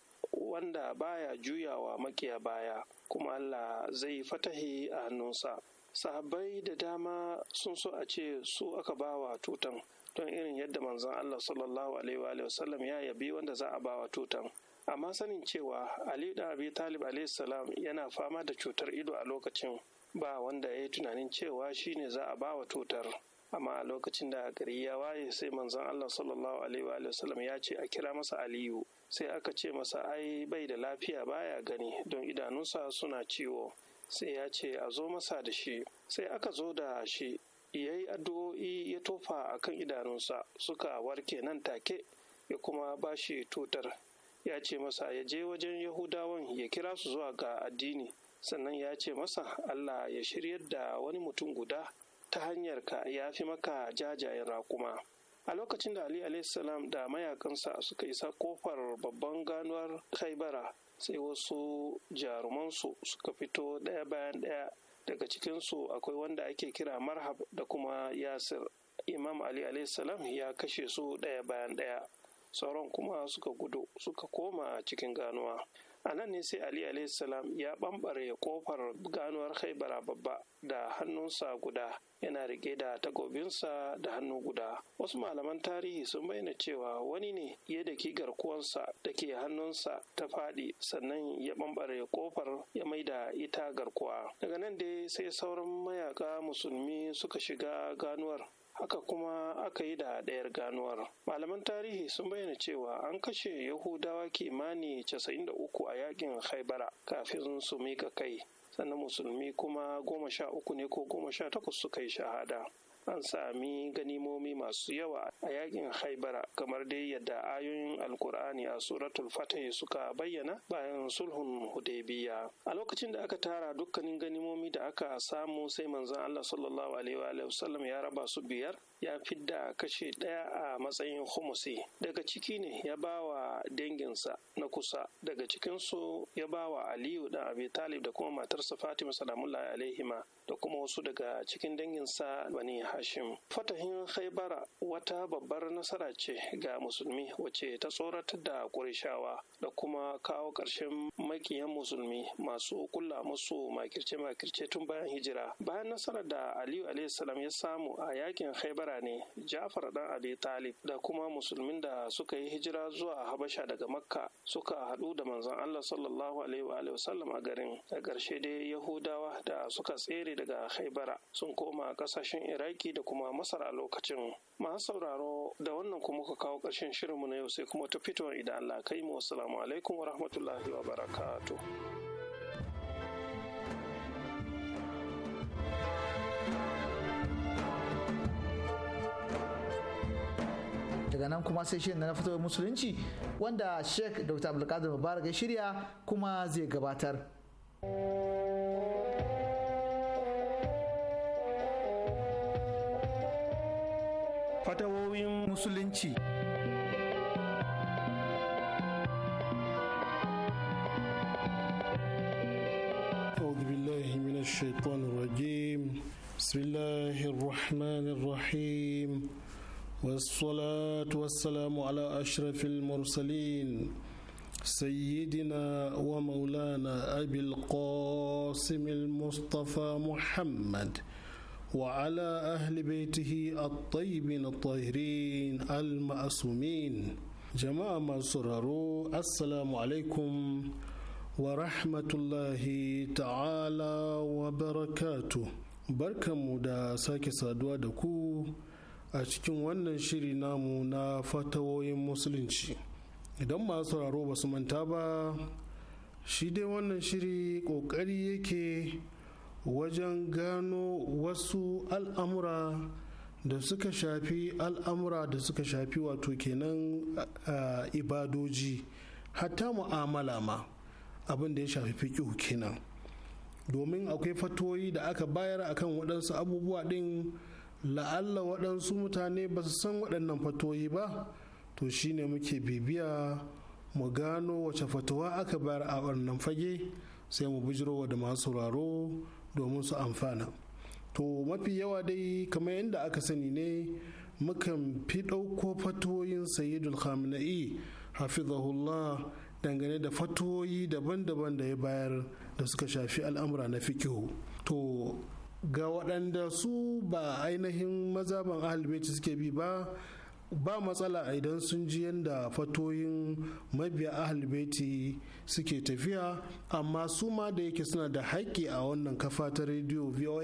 wanda baya juyawa makiya baya kuma Allah zai fatahi a hannunsa sahabbai da dama sun so a ce su aka bawa tutan don irin yadda manzon Allah sallallahu alaihi wa sallam ya yabi wanda za a bawa tutan amma sanin cewa Ali da Abi Talib alaihi salam yana fama da cutar ido a lokacin ba wanda ya yi tunanin cewa shine za a bawa tutar amma a lokacin da gari ya waye sai manzon Allah sallallahu alaihi wa sallam ya ce a kira masa Aliyu sai aka ce masa ai bai da lafiya baya gani don idanunsa suna ciwo sai ya ce a zo masa da shi sai aka zo da shi ya yi addu'o'i ya tofa a kan idanunsa suka warke nan take ya kuma ba shi tutar ya ce masa ya je wajen yahudawan ya kira su zuwa ga addini sannan ya ce masa allah ya shiryar da wani mutum guda ta hanyar ka ya fi maka jajayen raƙuma a lokacin da ali salam da mayakansa suka isa kofar babban ganuwar kaibara sai wasu jarumansu suka fito ɗaya bayan ɗaya daga cikinsu akwai wanda ake kira marhab da kuma yasir imam ali salam ya kashe su ɗaya bayan ɗaya sauran kuma suka gudu suka koma cikin ganuwa a nan ne sai ali salam ya bambare kofar ganuwar haibara babba da hannunsa guda yana rike da takobinsa da hannu guda wasu malaman tarihi sun bayyana cewa wani ne ya daki garkuwansa da ke hannunsa ta faɗi sannan ya bambare kofar ya mai da ita garkuwa daga nan dai sai sauran mayaka musulmi suka shiga ganuwar haka kuma aka yi da ɗayar ganuwar malaman tarihi sun bayyana cewa an kashe yahudawa kimani 93 a yakin haibara kafin su mika kai sannan musulmi kuma goma sha uku ne ko goma sha takwas suka yi shahada an sami ganimomi masu yawa a yakin haibara kamar dai yadda ayoyin alkur'ani a suratul fatih suka bayyana bayan sulhun hudaybiya a lokacin da aka tara dukkanin ganimomi da aka samu sai manzon Allah sallallahu alaihi wa sallam ya raba su biyar ya fidda kashe ɗaya a matsayin humusi daga ciki ne ya ba wa danginsa na kusa daga cikinsu ya ba wa aliyu da abi talib da kuma matarsa fatima salamullahi alaihima da kuma wasu daga cikin danginsa bani hashim fatahin haibara wata babbar nasara ce ga musulmi wacce ta tsoratar da ƙurishawa da kuma kawo ƙarshen makiyan musulmi masu kulla musu makirce makirce tun bayan hijira bayan nasarar da aliyu alaihi ya samu a yakin haibara shekara ne jafar dan ali talib da kuma musulmin da suka yi hijira zuwa habasha daga makka suka haɗu da manzon allah sallallahu alaihi wa sallam a garin a ƙarshe dai yahudawa da suka tsere daga haibara sun koma ƙasashen iraki da kuma masar a lokacin masu sauraro da wannan kuma ka kawo ƙarshen shirinmu na yau sai kuma ta fitowar idan allah kai mu wasu alaikum wa rahmatullahi wa barakatuh daga nan kuma sai shirin na fitowar musulunci wanda sheikh dr abdulkadir mubarak ya shirya kuma zai gabatar fatawoyin musulunci بسم الله الرحمن الرحيم والصلاة والسلام على أشرف المرسلين سيدنا ومولانا أبي القاسم المصطفى محمد وعلى أهل بيته الطيبين الطاهرين المأسومين جماعة مصرر السلام عليكم ورحمة الله تعالى وبركاته بركة مدى ساكي سادوا دكو a cikin wannan shiri namu na fatawoyin musulunci idan masu sauraro ba su manta ba shi dai wannan shiri kokari yake wajen gano wasu al'amura da suka shafi al'amura da suka shafi wato kenan ibadoji hatta mu'amala ma abin da ya shafi fiƙihu kenan domin akwai fatoyi da aka bayar akan waɗansu abubuwa ɗin la'alla waɗansu mutane ba su san waɗannan fatoyi ba to shine muke bibiya mu gano wace fatuwa aka bayar a wannan fage sai mu bijirowa da masu sauraro domin su amfana to mafi yawa dai kamar yadda aka sani ne mukan fi ɗauko fatoyin sayyidul khamenei hafizahullah dangane da fatoyi daban-daban da ya bayar da suka shafi al'amura na fikihu to ga waɗanda su ba ainihin mazaban ahalbeci suke bi ba ba matsala idan sun ji yadda fatoyin mabiya ahalbeti suke tafiya amma su ma da yake suna da haƙƙi a wannan kafa ta rediyo voh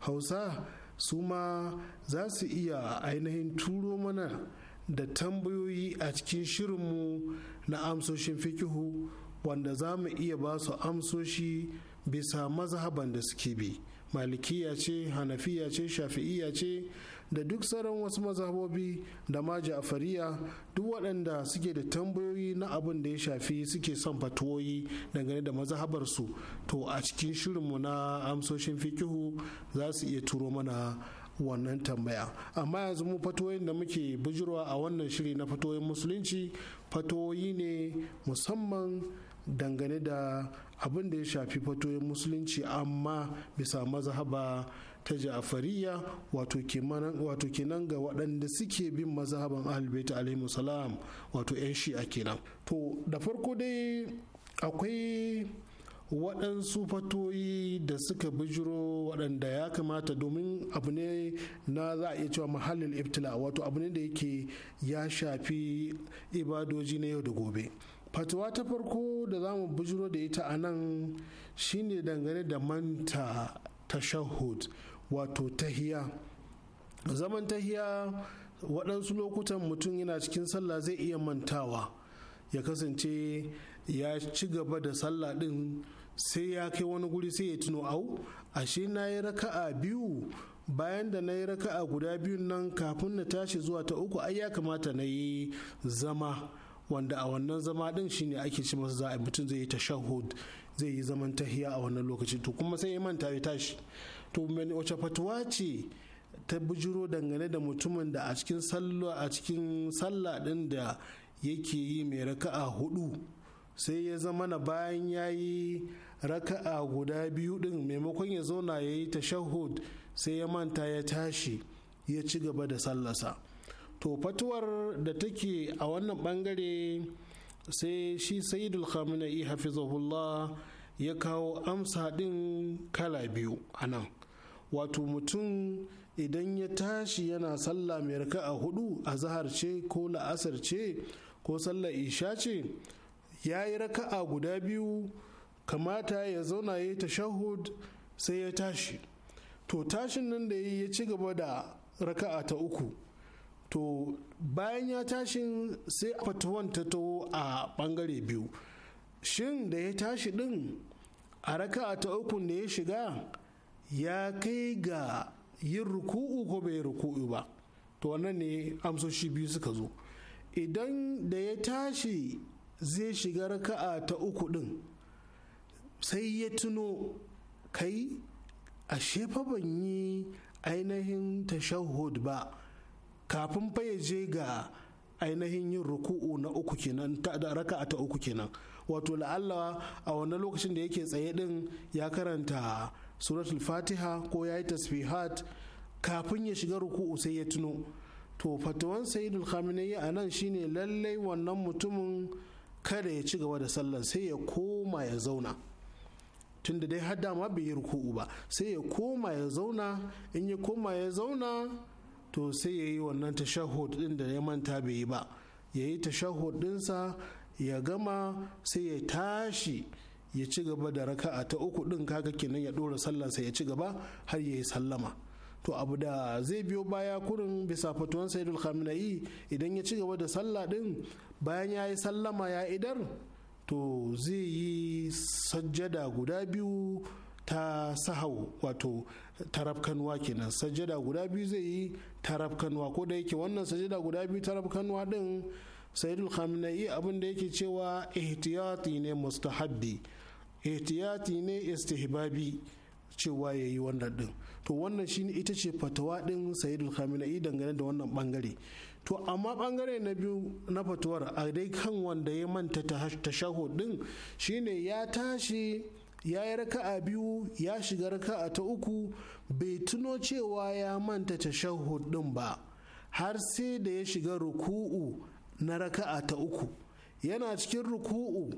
hausa su ma za su iya ainihin turo mana da tambayoyi a cikin shirinmu na amsoshin fikihu wanda za mu iya ba su amsoshi bisa mazhaban da suke bi. malikiya ce hanafiya ce shafi'iya ce da duk sauran wasu mazhabobi da ma ja'fariya duk waɗanda suke da tambayoyi na abin da ya shafi suke son fatuwoyi dangane da mazhabarsu to a cikin shirinmu na amsoshin fikihu za su iya turo mana wannan tambaya amma yanzu mu fatoyin da muke bujirwa a wannan shiri na fatoyin musulunci fatoyi ne musamman dangane da abin da ya shafi fatoyin musulunci amma bisa mazhaba ta ja'afariya wato kenan ga waɗanda suke bin mazhaban ahlulbaita alaihi salam wato 'yan shi'a kenan to da farko dai akwai waɗansu fatoyi da suka bijiro waɗanda ya kamata domin abu ne na za a iya cewa mahallin ibtila wato abu ne da yake ya shafi ibadoji na yau da gobe fatuwa ta farko da za mu bujiro da ita a nan shine dangane da manta tashahud wato tahiya zaman tahiya waɗansu lokutan mutum yana cikin sallah zai iya mantawa ya kasance ya ci gaba da sallah ɗin sai ya kai wani guri sai ya tuno au ashe na yi raka'a biyu bayan da na yi raka'a guda biyun nan kafin na tashi zuwa ta uku ai ya kamata na yi zama wanda a wannan zama din shine ake ci masa za mutum zai yi tashahud zai yi zaman tahiya a wannan lokaci to kuma sai ya manta ya tashi to wace fatuwa ce ta bujiro dangane da mutumin da a cikin sallah a cikin sallah din da yake yi mai raka'a hudu sai ya zama na bayan ya yi raka'a guda biyu din maimakon ya zauna ya yi tashahud sai ya manta ya tashi ya ci gaba da sallasa to fatuwar da take a wannan bangare sai shi sayidul khamenei hafizahullah ya kawo amsa din kala biyu a nan wato mutum idan ya tashi yana sallah mai raka a hudu a zahar ce ko la'asar ce ko sallar isha ce ya yi raka'a guda biyu kamata ya zauna ya yi tashahud sai ya tashi to tashin nan da ya ci gaba da raka'a ta uku to bayan ya tashi sai fatuwan ta taho a bangare biyu shin da ya tashi din a raka ta uku da ya shiga ya kai ga yin ruku'u ko bai ruku'u ba to wannan ne amsoshi biyu suka zo idan da ya tashi zai shiga raka'a ta uku din sai ya tuno kai ashe fa ban yi ainihin tashahud ba kafin fa ya je ga ainihin yin ruku'u na uku kenan raka ta uku kenan wato la'alla a wannan lokacin da yake tsaye din ya karanta suratul fatiha ko ya yi tasbihat kafin ya shiga ruku'u sai ya tuno to fatawan sayyidul khamenei a nan shine lallai wannan mutumin kada ya ci gaba da sallan sai ya koma ya zauna tunda dai har dama bai yi ruku'u ba sai ya koma ya zauna in ya koma ya zauna to sai ya yi wannan tashahud din da ya manta bai yi ba ya yi tashahud dinsa ya gama sai ya tashi ya ci gaba da raka'a ta uku din kaga kenan ya dora sallansa ya ci gaba har ya yi sallama to abu da zai biyo baya kurin bisa fatuwan sayyidul khamenei idan ya ci gaba da sallah din bayan ya yi sallama ya idar to zai yi sajjada guda biyu ta sahau wato tarafkanwa kenan sajada guda biyu zai yi tarafkanwa ko da yake wannan sajada guda biyu tarafkanwa din sayidul khamenei abin da yake cewa ihtiyati ne mustahabbi ihtiyati ne istihbabi cewa ya yi wannan din to wannan shine ita ce fatawa din sayidul khamenei dangane da wannan bangare to amma bangare na biyu na fatuwar a dai kan wanda ya manta tashahud din shine ya tashi ya yi raka'a biyu ya shiga raka'a ta uku bai tuno cewa ya manta tashahud din ba har sai da ya shiga ruku'u na raka'a ta uku yana cikin ruku'u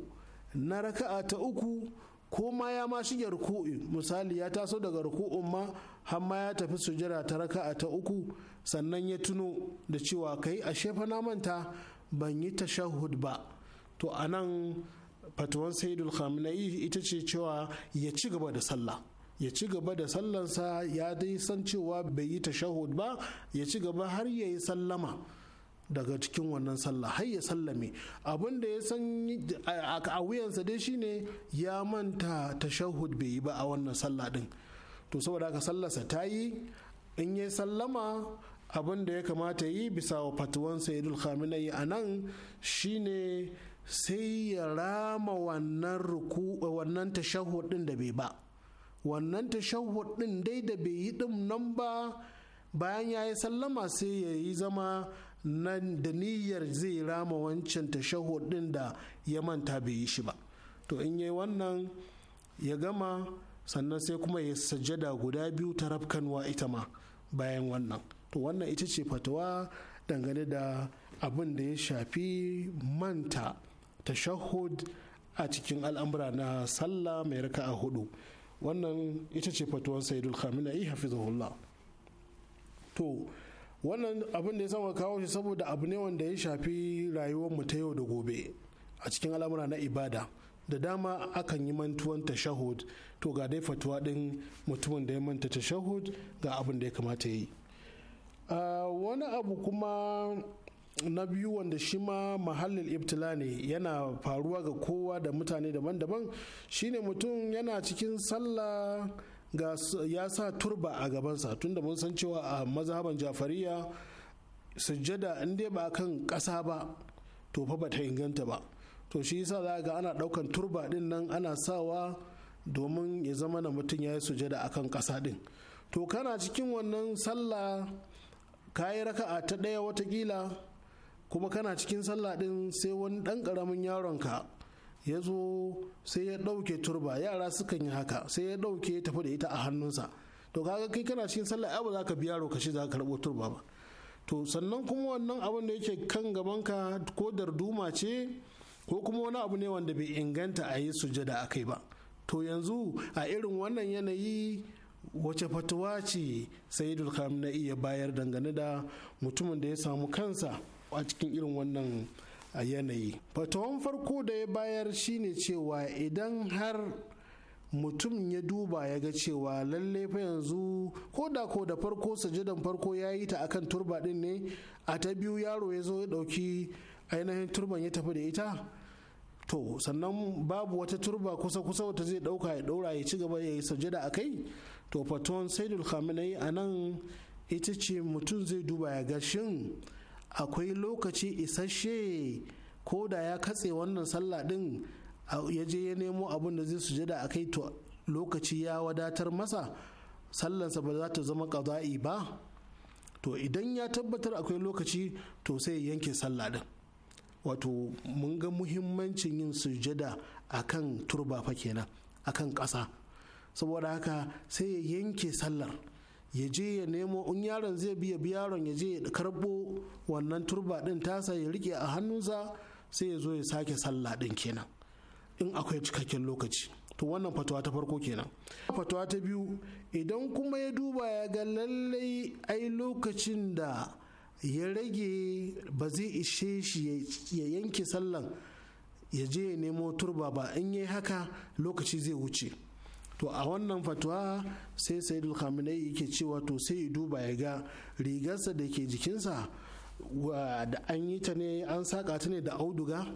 na raka'a ta uku ko ma ya ma shige ruku'u misali ya taso daga ruku'un ma har ya tafi sujada ta raka'a ta uku sannan ya tuno da cewa kai a shefa na manta ban yi tashahud ba to anan Fatuwan saidul khamenei ita ce cewa ya ci gaba da sallah ya ci gaba da sallansa ya dai san cewa bai yi tashahud ba ya ci gaba har ya yi sallama daga cikin wannan sallah har ya sallame abin da ya san a wuyansa dai shine ya manta tashahud bai yi ba a wannan sallah din to saboda haka sallarsa ta yi in ya sallama abin da ya kamata yi bisa wa fatuwan sayyidul khamenei a nan shine sai ya rama wannan ruku wannan tashahudin da bai ba wannan tashahudin dai da bai yi din nan ba bayan ya yi sallama sai ya yi zama nan da niyyar zai rama wancan tashahud din da ya manta bai yi shi ba to in yi wannan ya gama sannan sai kuma ya sajjada guda biyu ta rafkanwa ita ma bayan wannan to wannan ita ce fatawa dangane da abin da ya shafi manta tashahud a cikin al'amura na sallah mai a hudu wannan ita ce fatuwan khamina iya hafizahullah to wannan abin da ya sama kawo shi saboda abu ne wanda ya shafi rayuwar mu ta yau da gobe a cikin al'amura na ibada da dama akan yi mantuwan tashahud to ga dai fatuwa din mutumin da ya manta tashahud ga abin da ya kamata ya yi ah, wani abu kuma na biyu wanda shi ma mahallin ibtila ne yana faruwa ga kowa da mutane daban-daban shine mutum yana cikin sallah ga ya sa turba a gabansa tunda mun san cewa a mazhaban jafariya sujjada in dai ba kan ƙasa ba to fa ta inganta ba to shi yasa za ga ana ɗaukan turba din nan ana sawa domin ya zama na mutum ya yi sujjada kan ƙasa din to kana cikin wannan sallah ka yi raka'a ta ɗaya watakila kuma kana cikin sallah din sai wani ɗan ƙaramin yaronka ya zo sai ya ɗauke turba yara sukan yi haka sai ya ɗauke tafi da ita a hannunsa to kaga kai kana cikin sallah ai ba za ka bi yaro shi, za ka karbo turba ba to sannan kuma wannan abin da yake kan gabanka ko darduma ce ko kuma wani abu ne wanda bai inganta a yi sujada a kai ba to yanzu a irin wannan yanayi wace fatuwa ce sayidul na iya bayar dangane da mutumin da ya samu kansa a cikin irin wannan yanayi fatawan farko da ya bayar shine cewa idan har mutum ya duba ya ga cewa lalle fa yanzu ko da ko da farko sajadan farko ya yi ta akan turba din ne a ta biyu yaro ya zo ya dauki ainihin turban ya tafi da ita to sannan babu wata turba kusa kusa wata zai dauka ya daura ya ci gaba ya yi sujada a kai to fatuwan saidul khamenei a nan ita ce mutum zai duba ya ga shin akwai lokaci isasshe ko da ya katse wannan sallah din ya je ya nemo abin da zai sujada a kai to lokaci ya wadatar masa sallansa ba za ta zama ƙaza'i ba to idan ya tabbatar akwai lokaci to sai ya yanke sallah din wato mun ga muhimmancin yin sujada kan turba fa kenan a kan ƙasa saboda haka sai ya yanke sallar ya je ya nemo in yaron zai biya yaron ya je ya karbo wannan turba din tasa ya rike a hannunsa sai ya zo ya sake sallah din kenan in akwai cikakken lokaci to wannan fatawa ta farko kenan fatawa ta biyu idan kuma ya duba ya ga lallai ai lokacin da ya rage ba zai ishe shi ya yanke sallan ya je ya nemo turba ba in yi haka lokaci zai wuce to a wannan fatuwa sai sayyidul khamenei yake cewa to sai ya duba ya ga rigarsa da ke jikinsa da an yi ta ne an saka ta ne da auduga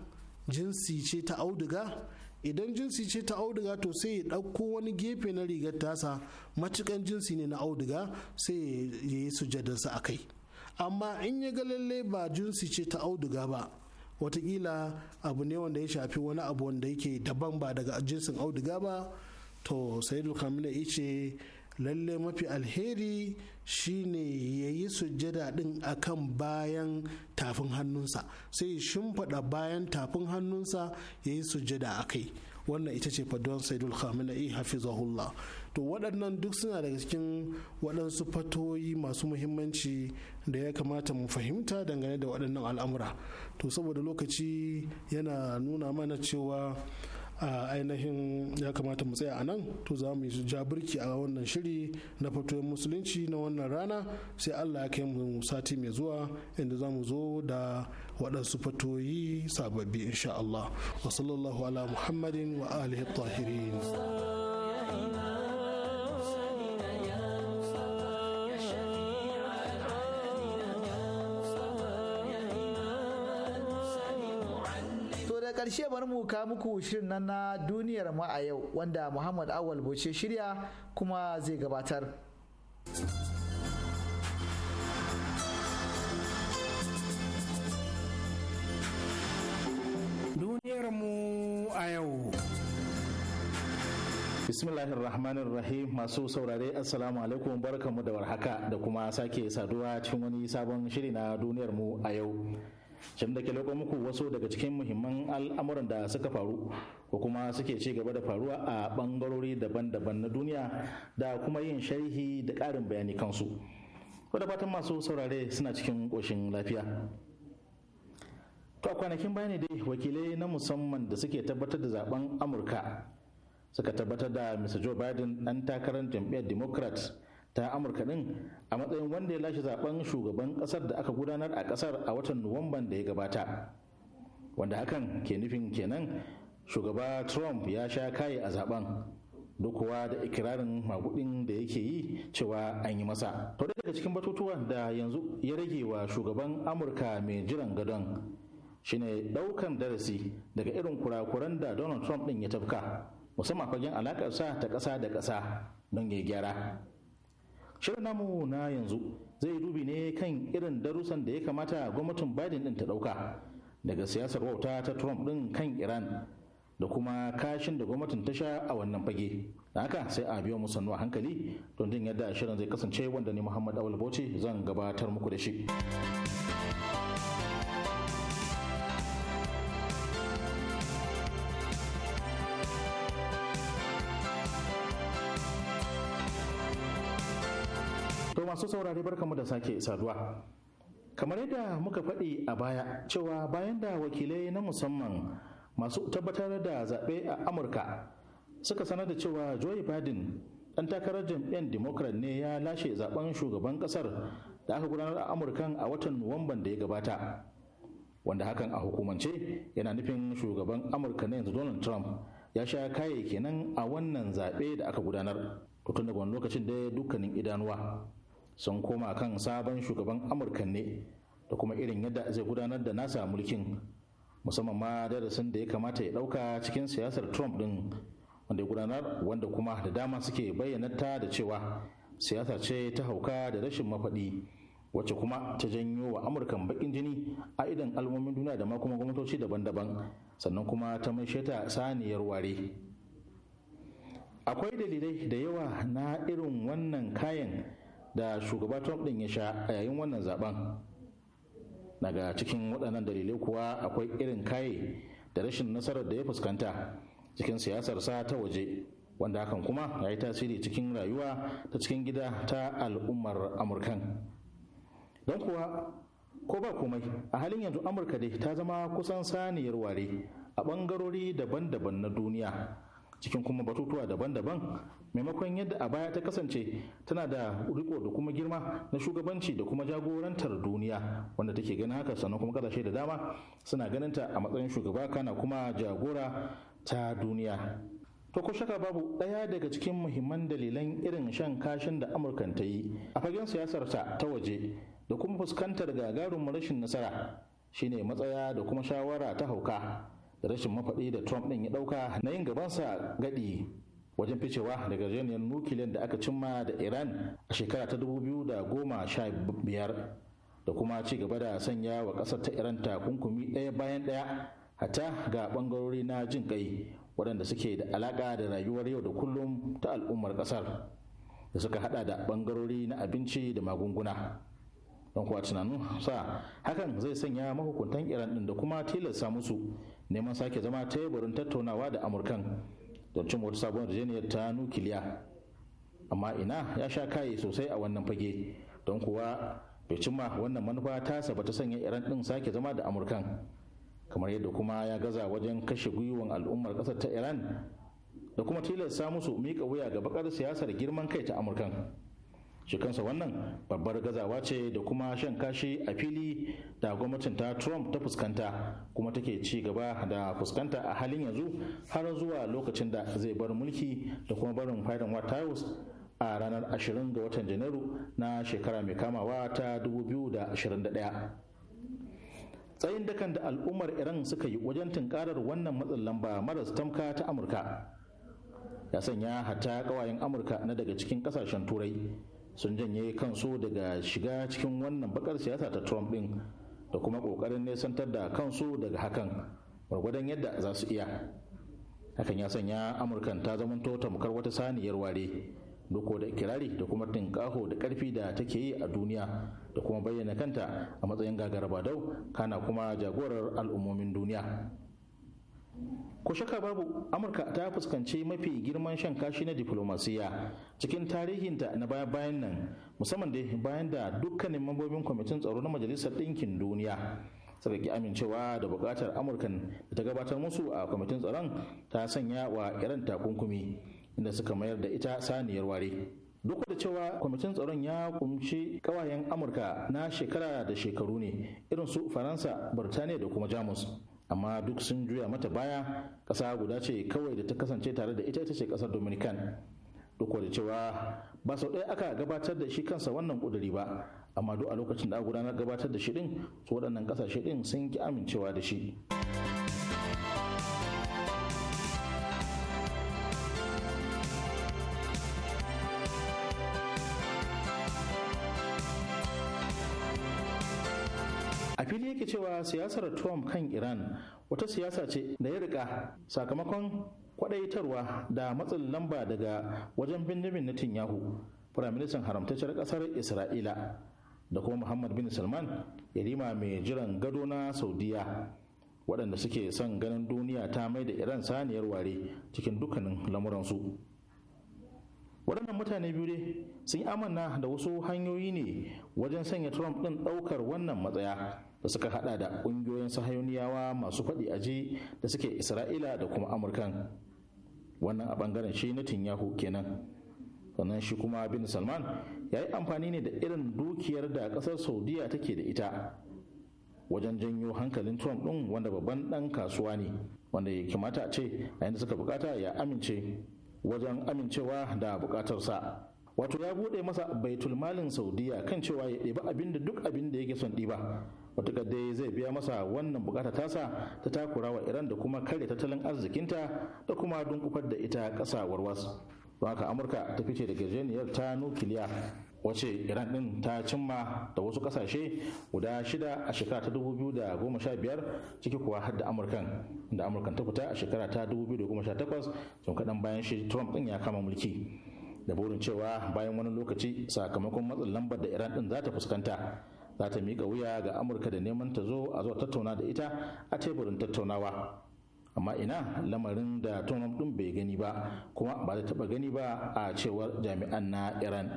jinsi ce ta auduga idan jinsi ce ta auduga to sai ya ɗauko wani gefe na rigar tasa matukan jinsi ne na auduga sai ya yi sujadarsa a kai amma in ya ga lalle ba jinsi ce ta auduga ba watakila abu ne wanda ya shafi wani abu wanda yake daban ba daga jinsin auduga ba to sayyidul kamila ya ce lalle mafi alheri shine ya yi sujjada din akan bayan tafin hannunsa sai ya shimfaɗa bayan tafin hannunsa ya yi sujjada a kai wannan ita ce fadon saidul khamenei eh, hafizahullah to waɗannan duk suna daga cikin waɗansu fatoyi masu muhimmanci da ya kamata mu fahimta dangane da waɗannan al'amura to saboda lokaci yana nuna mana cewa ainihin ya kamata mu tsaya a nan to za mu yi jabirki a wannan shiri na fatoyin musulunci na wannan rana sai allah ya kai mu sati mai zuwa inda za mu zo da waɗansu fatoyi sababbi insha'Allah. Allah wa ala muhammadin wa alihi tahirin ƙarshe bari mu ka muku shirin nan na duniyar mu a yau wanda Muhammad Awal Bauchi shirya kuma zai gabatar. Duniyar mu a yau. bismillahir rahmanir rahim masu saurare assalamu alaikum barkamu da warhaka da kuma sake saduwa cikin wani sabon shiri na duniyar mu a yau shin da ke loko muku wasu daga cikin muhimman al'amuran da suka faru ko kuma suke ci gaba da faruwa a bangarori daban-daban na duniya da kuma yin sharhi da ƙarin bayani kansu wadda fatan masu saurare suna cikin ƙoshin lafiya to a kwanakin bayani dai wakilai na musamman da suke tabbatar da zaben amurka suka tabbatar da mr joe biden ɗan takarar jam'iyyar democrat ta amurka din a matsayin wanda ya lashe zaben shugaban kasar da aka gudanar a kasar a watan nuwamban da ya gabata wanda hakan ke nufin kenan shugaba trump ya sha kaye a zaben kuwa da ikirarin magudin da yake yi cewa an yi masa to daga cikin batutuwa da yanzu ya rage wa shugaban amurka mai jiran gadon shine daukan darasi daga irin kurakuran da donald trump din ya tafka musamman fagen alakarsa ta kasa da kasa don ya gyara Shirin namu na yanzu zai dubi ne kan irin darussan da ya kamata gwamnatin Biden din ta dauka daga siyasar wauta ta Trump din kan Iran da kuma kashin da gwamnatin ta sha a wannan fage. Da haka sai a biyo musannu a hankali don jin yadda shirin zai kasance wanda ne Muhammad Awal Bauchi zan gabatar muku da shi. masu saurari barkamu da sake saduwa kamar yadda muka faɗi a baya cewa bayan da wakilai na musamman masu tabbatar da zaɓe a amurka suka sanar da cewa joe biden ɗan takarar jam'iyyar democrat ne ya lashe zaben shugaban ƙasar da aka gudanar a amurkan a watan nuwamban da ya gabata wanda hakan a hukumance yana nufin shugaban amurka na yanzu donald trump ya sha kaye kenan a wannan zaɓe da aka gudanar tun daga wani lokacin da dukkanin idanuwa sun koma kan sabon shugaban amurka ne da kuma irin yadda zai gudanar da nasa mulkin musamman ma darasin da ya kamata ya dauka cikin siyasar trump din wanda ya gudanar wanda kuma da dama suke bayyana ta da cewa siyasa ce ta hauka da rashin mafaɗi wacce kuma ta janyo wa amurkan bakin jini a idan al'ummomin duniya da ma kuma gwamnatoci daban-daban sannan kuma ta maishe ta saniyar ware akwai dalilai da yawa na irin wannan kayan da shugaba trump din ya sha a yayin wannan zaben daga cikin waɗannan dalilai kuwa akwai irin kaye da rashin nasarar da ya fuskanta cikin siyasarsa ta waje wanda hakan kuma ya yi tasiri cikin rayuwa ta cikin gida ta al'ummar amurkan don kuwa ko ba komai a halin yanzu amurka dai ta zama kusan saniyar ware a ɓangarori daban-daban na duniya cikin kuma batutuwa daban-daban maimakon yadda a baya ta kasance tana da riko da kuma girma na shugabanci da kuma jagorantar duniya wanda take ganin haka sannan kuma kasashe da dama suna ganin ta a matsayin shugaba kana kuma jagora ta duniya to ko shaka babu ɗaya daga cikin muhimman dalilan irin shan kashin da amurkan ta yi a fagen siyasarta ta waje da kuma fuskantar gagarumin rashin nasara shine matsaya da kuma shawara ta hauka da rashin mafaɗi da trump ɗin ya ɗauka na yin gabansa gaɗi wajen ficewa daga yarjejeniyar nukiliyar da aka cimma da iran a shekara ta dubu biyu da kuma ci gaba da sanya wa ƙasar ta iran takunkumi ɗaya bayan ɗaya hatta ga bangarori na jin kai waɗanda suke da alaƙa da rayuwar yau da kullum ta al'ummar ƙasar da suka hada da bangarori na abinci da magunguna don kuwa tunanin sa hakan zai sanya mahukuntan iran ɗin da kuma tilasta musu neman sake zama teburin tattaunawa da amurkan don cin wata sabon rijiyar ta nukiliya amma ina ya sha kaye sosai a wannan fage don kuwa bai cimma wannan manufa ta saba ta sanya iran din sake zama da amurkan kamar yadda kuma ya gaza wajen kashe gwiwan al'ummar kasar ta iran da kuma tilasta musu mika wuya ga bakar siyasar girman kai ta amurkan shi kansa wannan babbar gazawa ce da kuma shan kashi a fili da gwamnatin ta trump ta fuskanta kuma take ci gaba da fuskanta a halin yanzu har zuwa lokacin da zai bar mulki da kuma barin fadin white house a ranar 20 ga watan janairu na shekara mai kamawa ta 2021 tsayin dakan da al'ummar iran suka yi wajen tunkarar wannan matsin lamba maras tamka ta amurka ya sanya hata kawayen amurka na daga cikin kasashen turai sun janye kansu daga shiga cikin wannan bakar siyasa ta trump din da kuma kokarin nesantar da kansu daga hakan gwargwadon yadda za su iya hakan ya sanya amurkan ta zamanto tamkar wata saniyar ware doko da kirari da kuma tinkaho da karfi da take yi a duniya da kuma bayyana kanta a matsayin gagaraba badau kana kuma jagorar al'ummomin duniya ko shaka babu amurka ta fuskanci mafi girman shan kashi na diplomasiya cikin tarihinta na baya bayan nan musamman da bayan da dukkanin mambobin kwamitin tsaro na majalisar ɗinkin duniya suka ki amincewa da buƙatar amurkan da ta gabatar musu a kwamitin tsaron ta sanya wa iran takunkumi inda suka mayar da ita saniyar ware duk da cewa kwamitin tsaron ya kumshi kawayen amurka na shekara da shekaru ne irin su faransa birtaniya da kuma jamus amma duk sun juya mata baya ƙasa guda ce kawai da ta kasance tare da ita ita ce kasar dominican duk da cewa ba sau ɗaya aka gabatar da shi kansa wannan ƙuduri ba amma duk a lokacin da aka gudanar gabatar da shi din su waɗannan ƙasashe din sun ki amincewa da shi cewa siyasar Trump kan Iran wata siyasa ce da ya rika sakamakon kwadaitarwa da matsin lamba daga wajen Benjamin Netanyahu, firaministan haramtacciyar kasar Isra'ila da kuma Muhammad bin Salman yarima mai jiran gado na Saudiya waɗanda suke son ganin duniya ta mai da Iran saniyar ware cikin dukkanin lamuransu. waɗannan mutane biyu ne sun yi amanna da wasu hanyoyi ne wajen sanya trump ɗin ɗaukar wannan matsaya da suka hada da kungiyoyin sahayuniyawa masu faɗi aji da suke isra'ila da kuma amurkan wannan a bangaren shi na tinyahu kenan sannan shi kuma bin salman ya yi amfani ne da irin dukiyar da kasar saudiya take da ita wajen janyo hankalin trump ɗin wanda babban ɗan kasuwa ne wanda ya kamata a ce a yadda suka bukata ya amince wajen amincewa da bukatarsa wato ya buɗe masa baitul malin saudiya kan cewa ya ɗebi abin da duk abin da yake son ɗiba wata dai zai biya masa wannan bukata tasa ta takura wa iran da kuma karya tattalin arzikinta da kuma dunkufar da ita ƙasa warwas don haka amurka ta fice da gajeniyar ta nukiliya wace iran din ta cimma da wasu kasashe guda shida a shekara ta 2015 ciki kuwa har da amurkan da amurkan ta fita a shekara ta 2018 sun kaɗan bayan shi trump din ya kama mulki da burin cewa bayan wani lokaci sakamakon matsin lambar da iran din za ta fuskanta za ta miƙa wuya ga amurka da neman ta zo a zo tattauna da ita a teburin tattaunawa amma ina lamarin da tonon ɗin bai gani ba kuma ba da taɓa gani ba a cewar jami'an na iran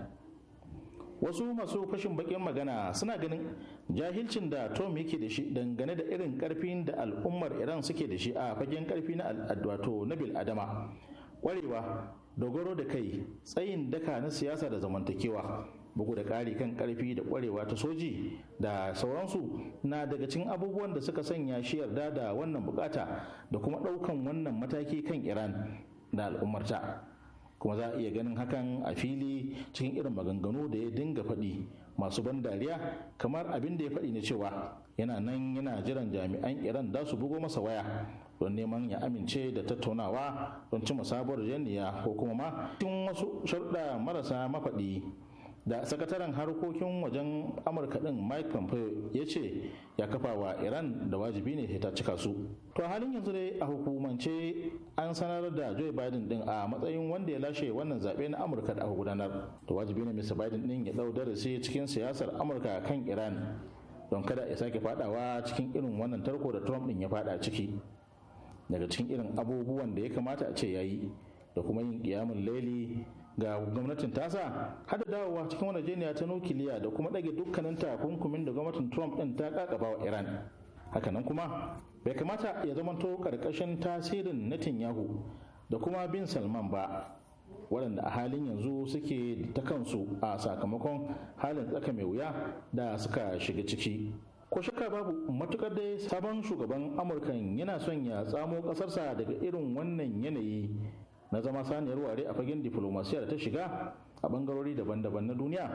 wasu masu fashin bakin magana suna ganin jahilcin da tom yake da shi dangane da irin karfin da al'ummar iran suke da shi a fagen karfi na al'adwato na bil adama kwarewa dogaro da kai tsayin daka na siyasa da zamantakewa bugu da ƙari kan ƙarfi da ƙwarewa ta soji da sauransu na daga cikin abubuwan da suka sanya shi yarda da wannan bukata da kuma ɗaukan wannan mataki kan iran da al'ummarta kuma za a iya ganin hakan a fili cikin irin maganganu da ya dinga faɗi masu ban dariya kamar abin da ya faɗi na cewa yana nan yana jiran jami'an iran da su bugo masa waya don neman ya amince da tattaunawa don cimma sabuwar janiya ko kuma ma cikin wasu sharɗa marasa mafaɗi da sakataren harkokin wajen amurka din mike pompeo ya ce ya kafa wa iran da wajibi ne ta cika su to halin yanzu dai a hukumance an sanar da joe biden din a matsayin wanda ya lashe wannan zaɓe na amurka da aka gudanar da wajibi ne mr biden din ya ɗau darasi cikin siyasar amurka kan iran don kada ya sake fadawa cikin irin wannan tarko da trump din ya fada ciki daga cikin irin abubuwan da ya kamata a ce ya yi da kuma yin kiyamun laili ga gwamnatin tasa har da dawowa cikin wani jeniya ta nukiliya da kuma ɗage dukkanin takunkumin da gwamnatin trump ɗin ta kakaba wa iran hakanan kuma bai kamata ya zamanto ƙarƙashin tasirin netanyahu da kuma bin salman ba waɗanda a halin yanzu suke ta kansu a sakamakon halin tsaka mai wuya da suka shiga ciki ko shakka babu matukar dai sabon shugaban amurka yana son ya tsamo ƙasarsa daga irin wannan yanayi na zama saniyar ware a fagen diflomasiyar ta shiga a bangarori daban-daban na duniya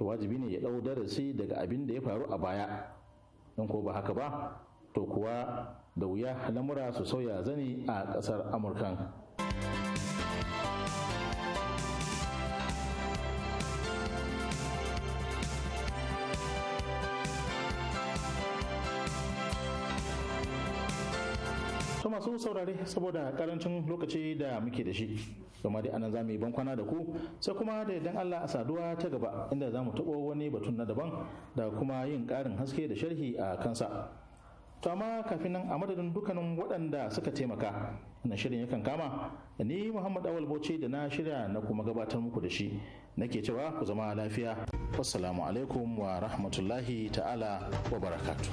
to wajibi ne ya ɗau darasi daga abin da ya faru a baya in ko ba haka ba to kuwa da wuya lamura su sauya zani a ƙasar amurkan masu saurare saboda karancin lokaci da muke da shi kuma dai anan zamu yi bankwana da ku sai kuma da idan Allah a saduwa ta gaba inda zamu tabo wani batun na daban da kuma yin karin haske da sharhi a kansa to amma kafin nan a madadin dukkanin waɗanda suka taimaka na shirin yakan kama ni Muhammad Awal Bauchi da na shirya na kuma gabatar muku da shi nake cewa ku zama lafiya wassalamu alaikum wa rahmatullahi ta'ala wa barakatuh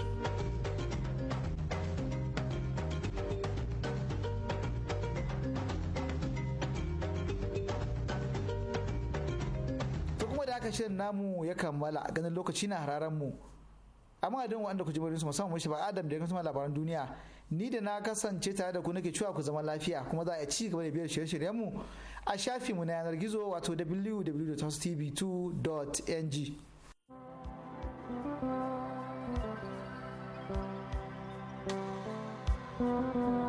shirin namu ya kammala ganin lokaci na hararen mu amma don wanda ku ji su musamman shi ba adam da ya kasance labaran duniya ni da na kasance tare da ku nake cewa ku zama lafiya kuma za a ci gaba da biyar shirye-shiryen mu a mu na yanar gizo wato www.tv2.ng thank you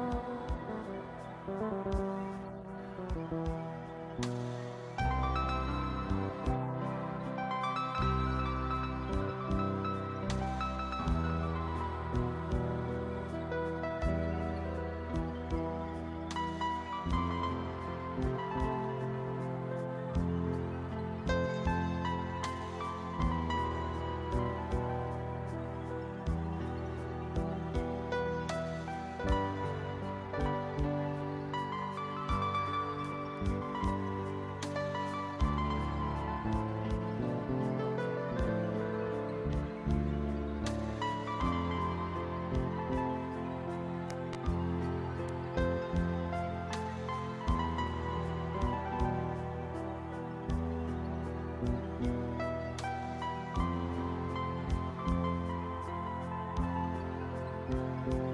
Thank you.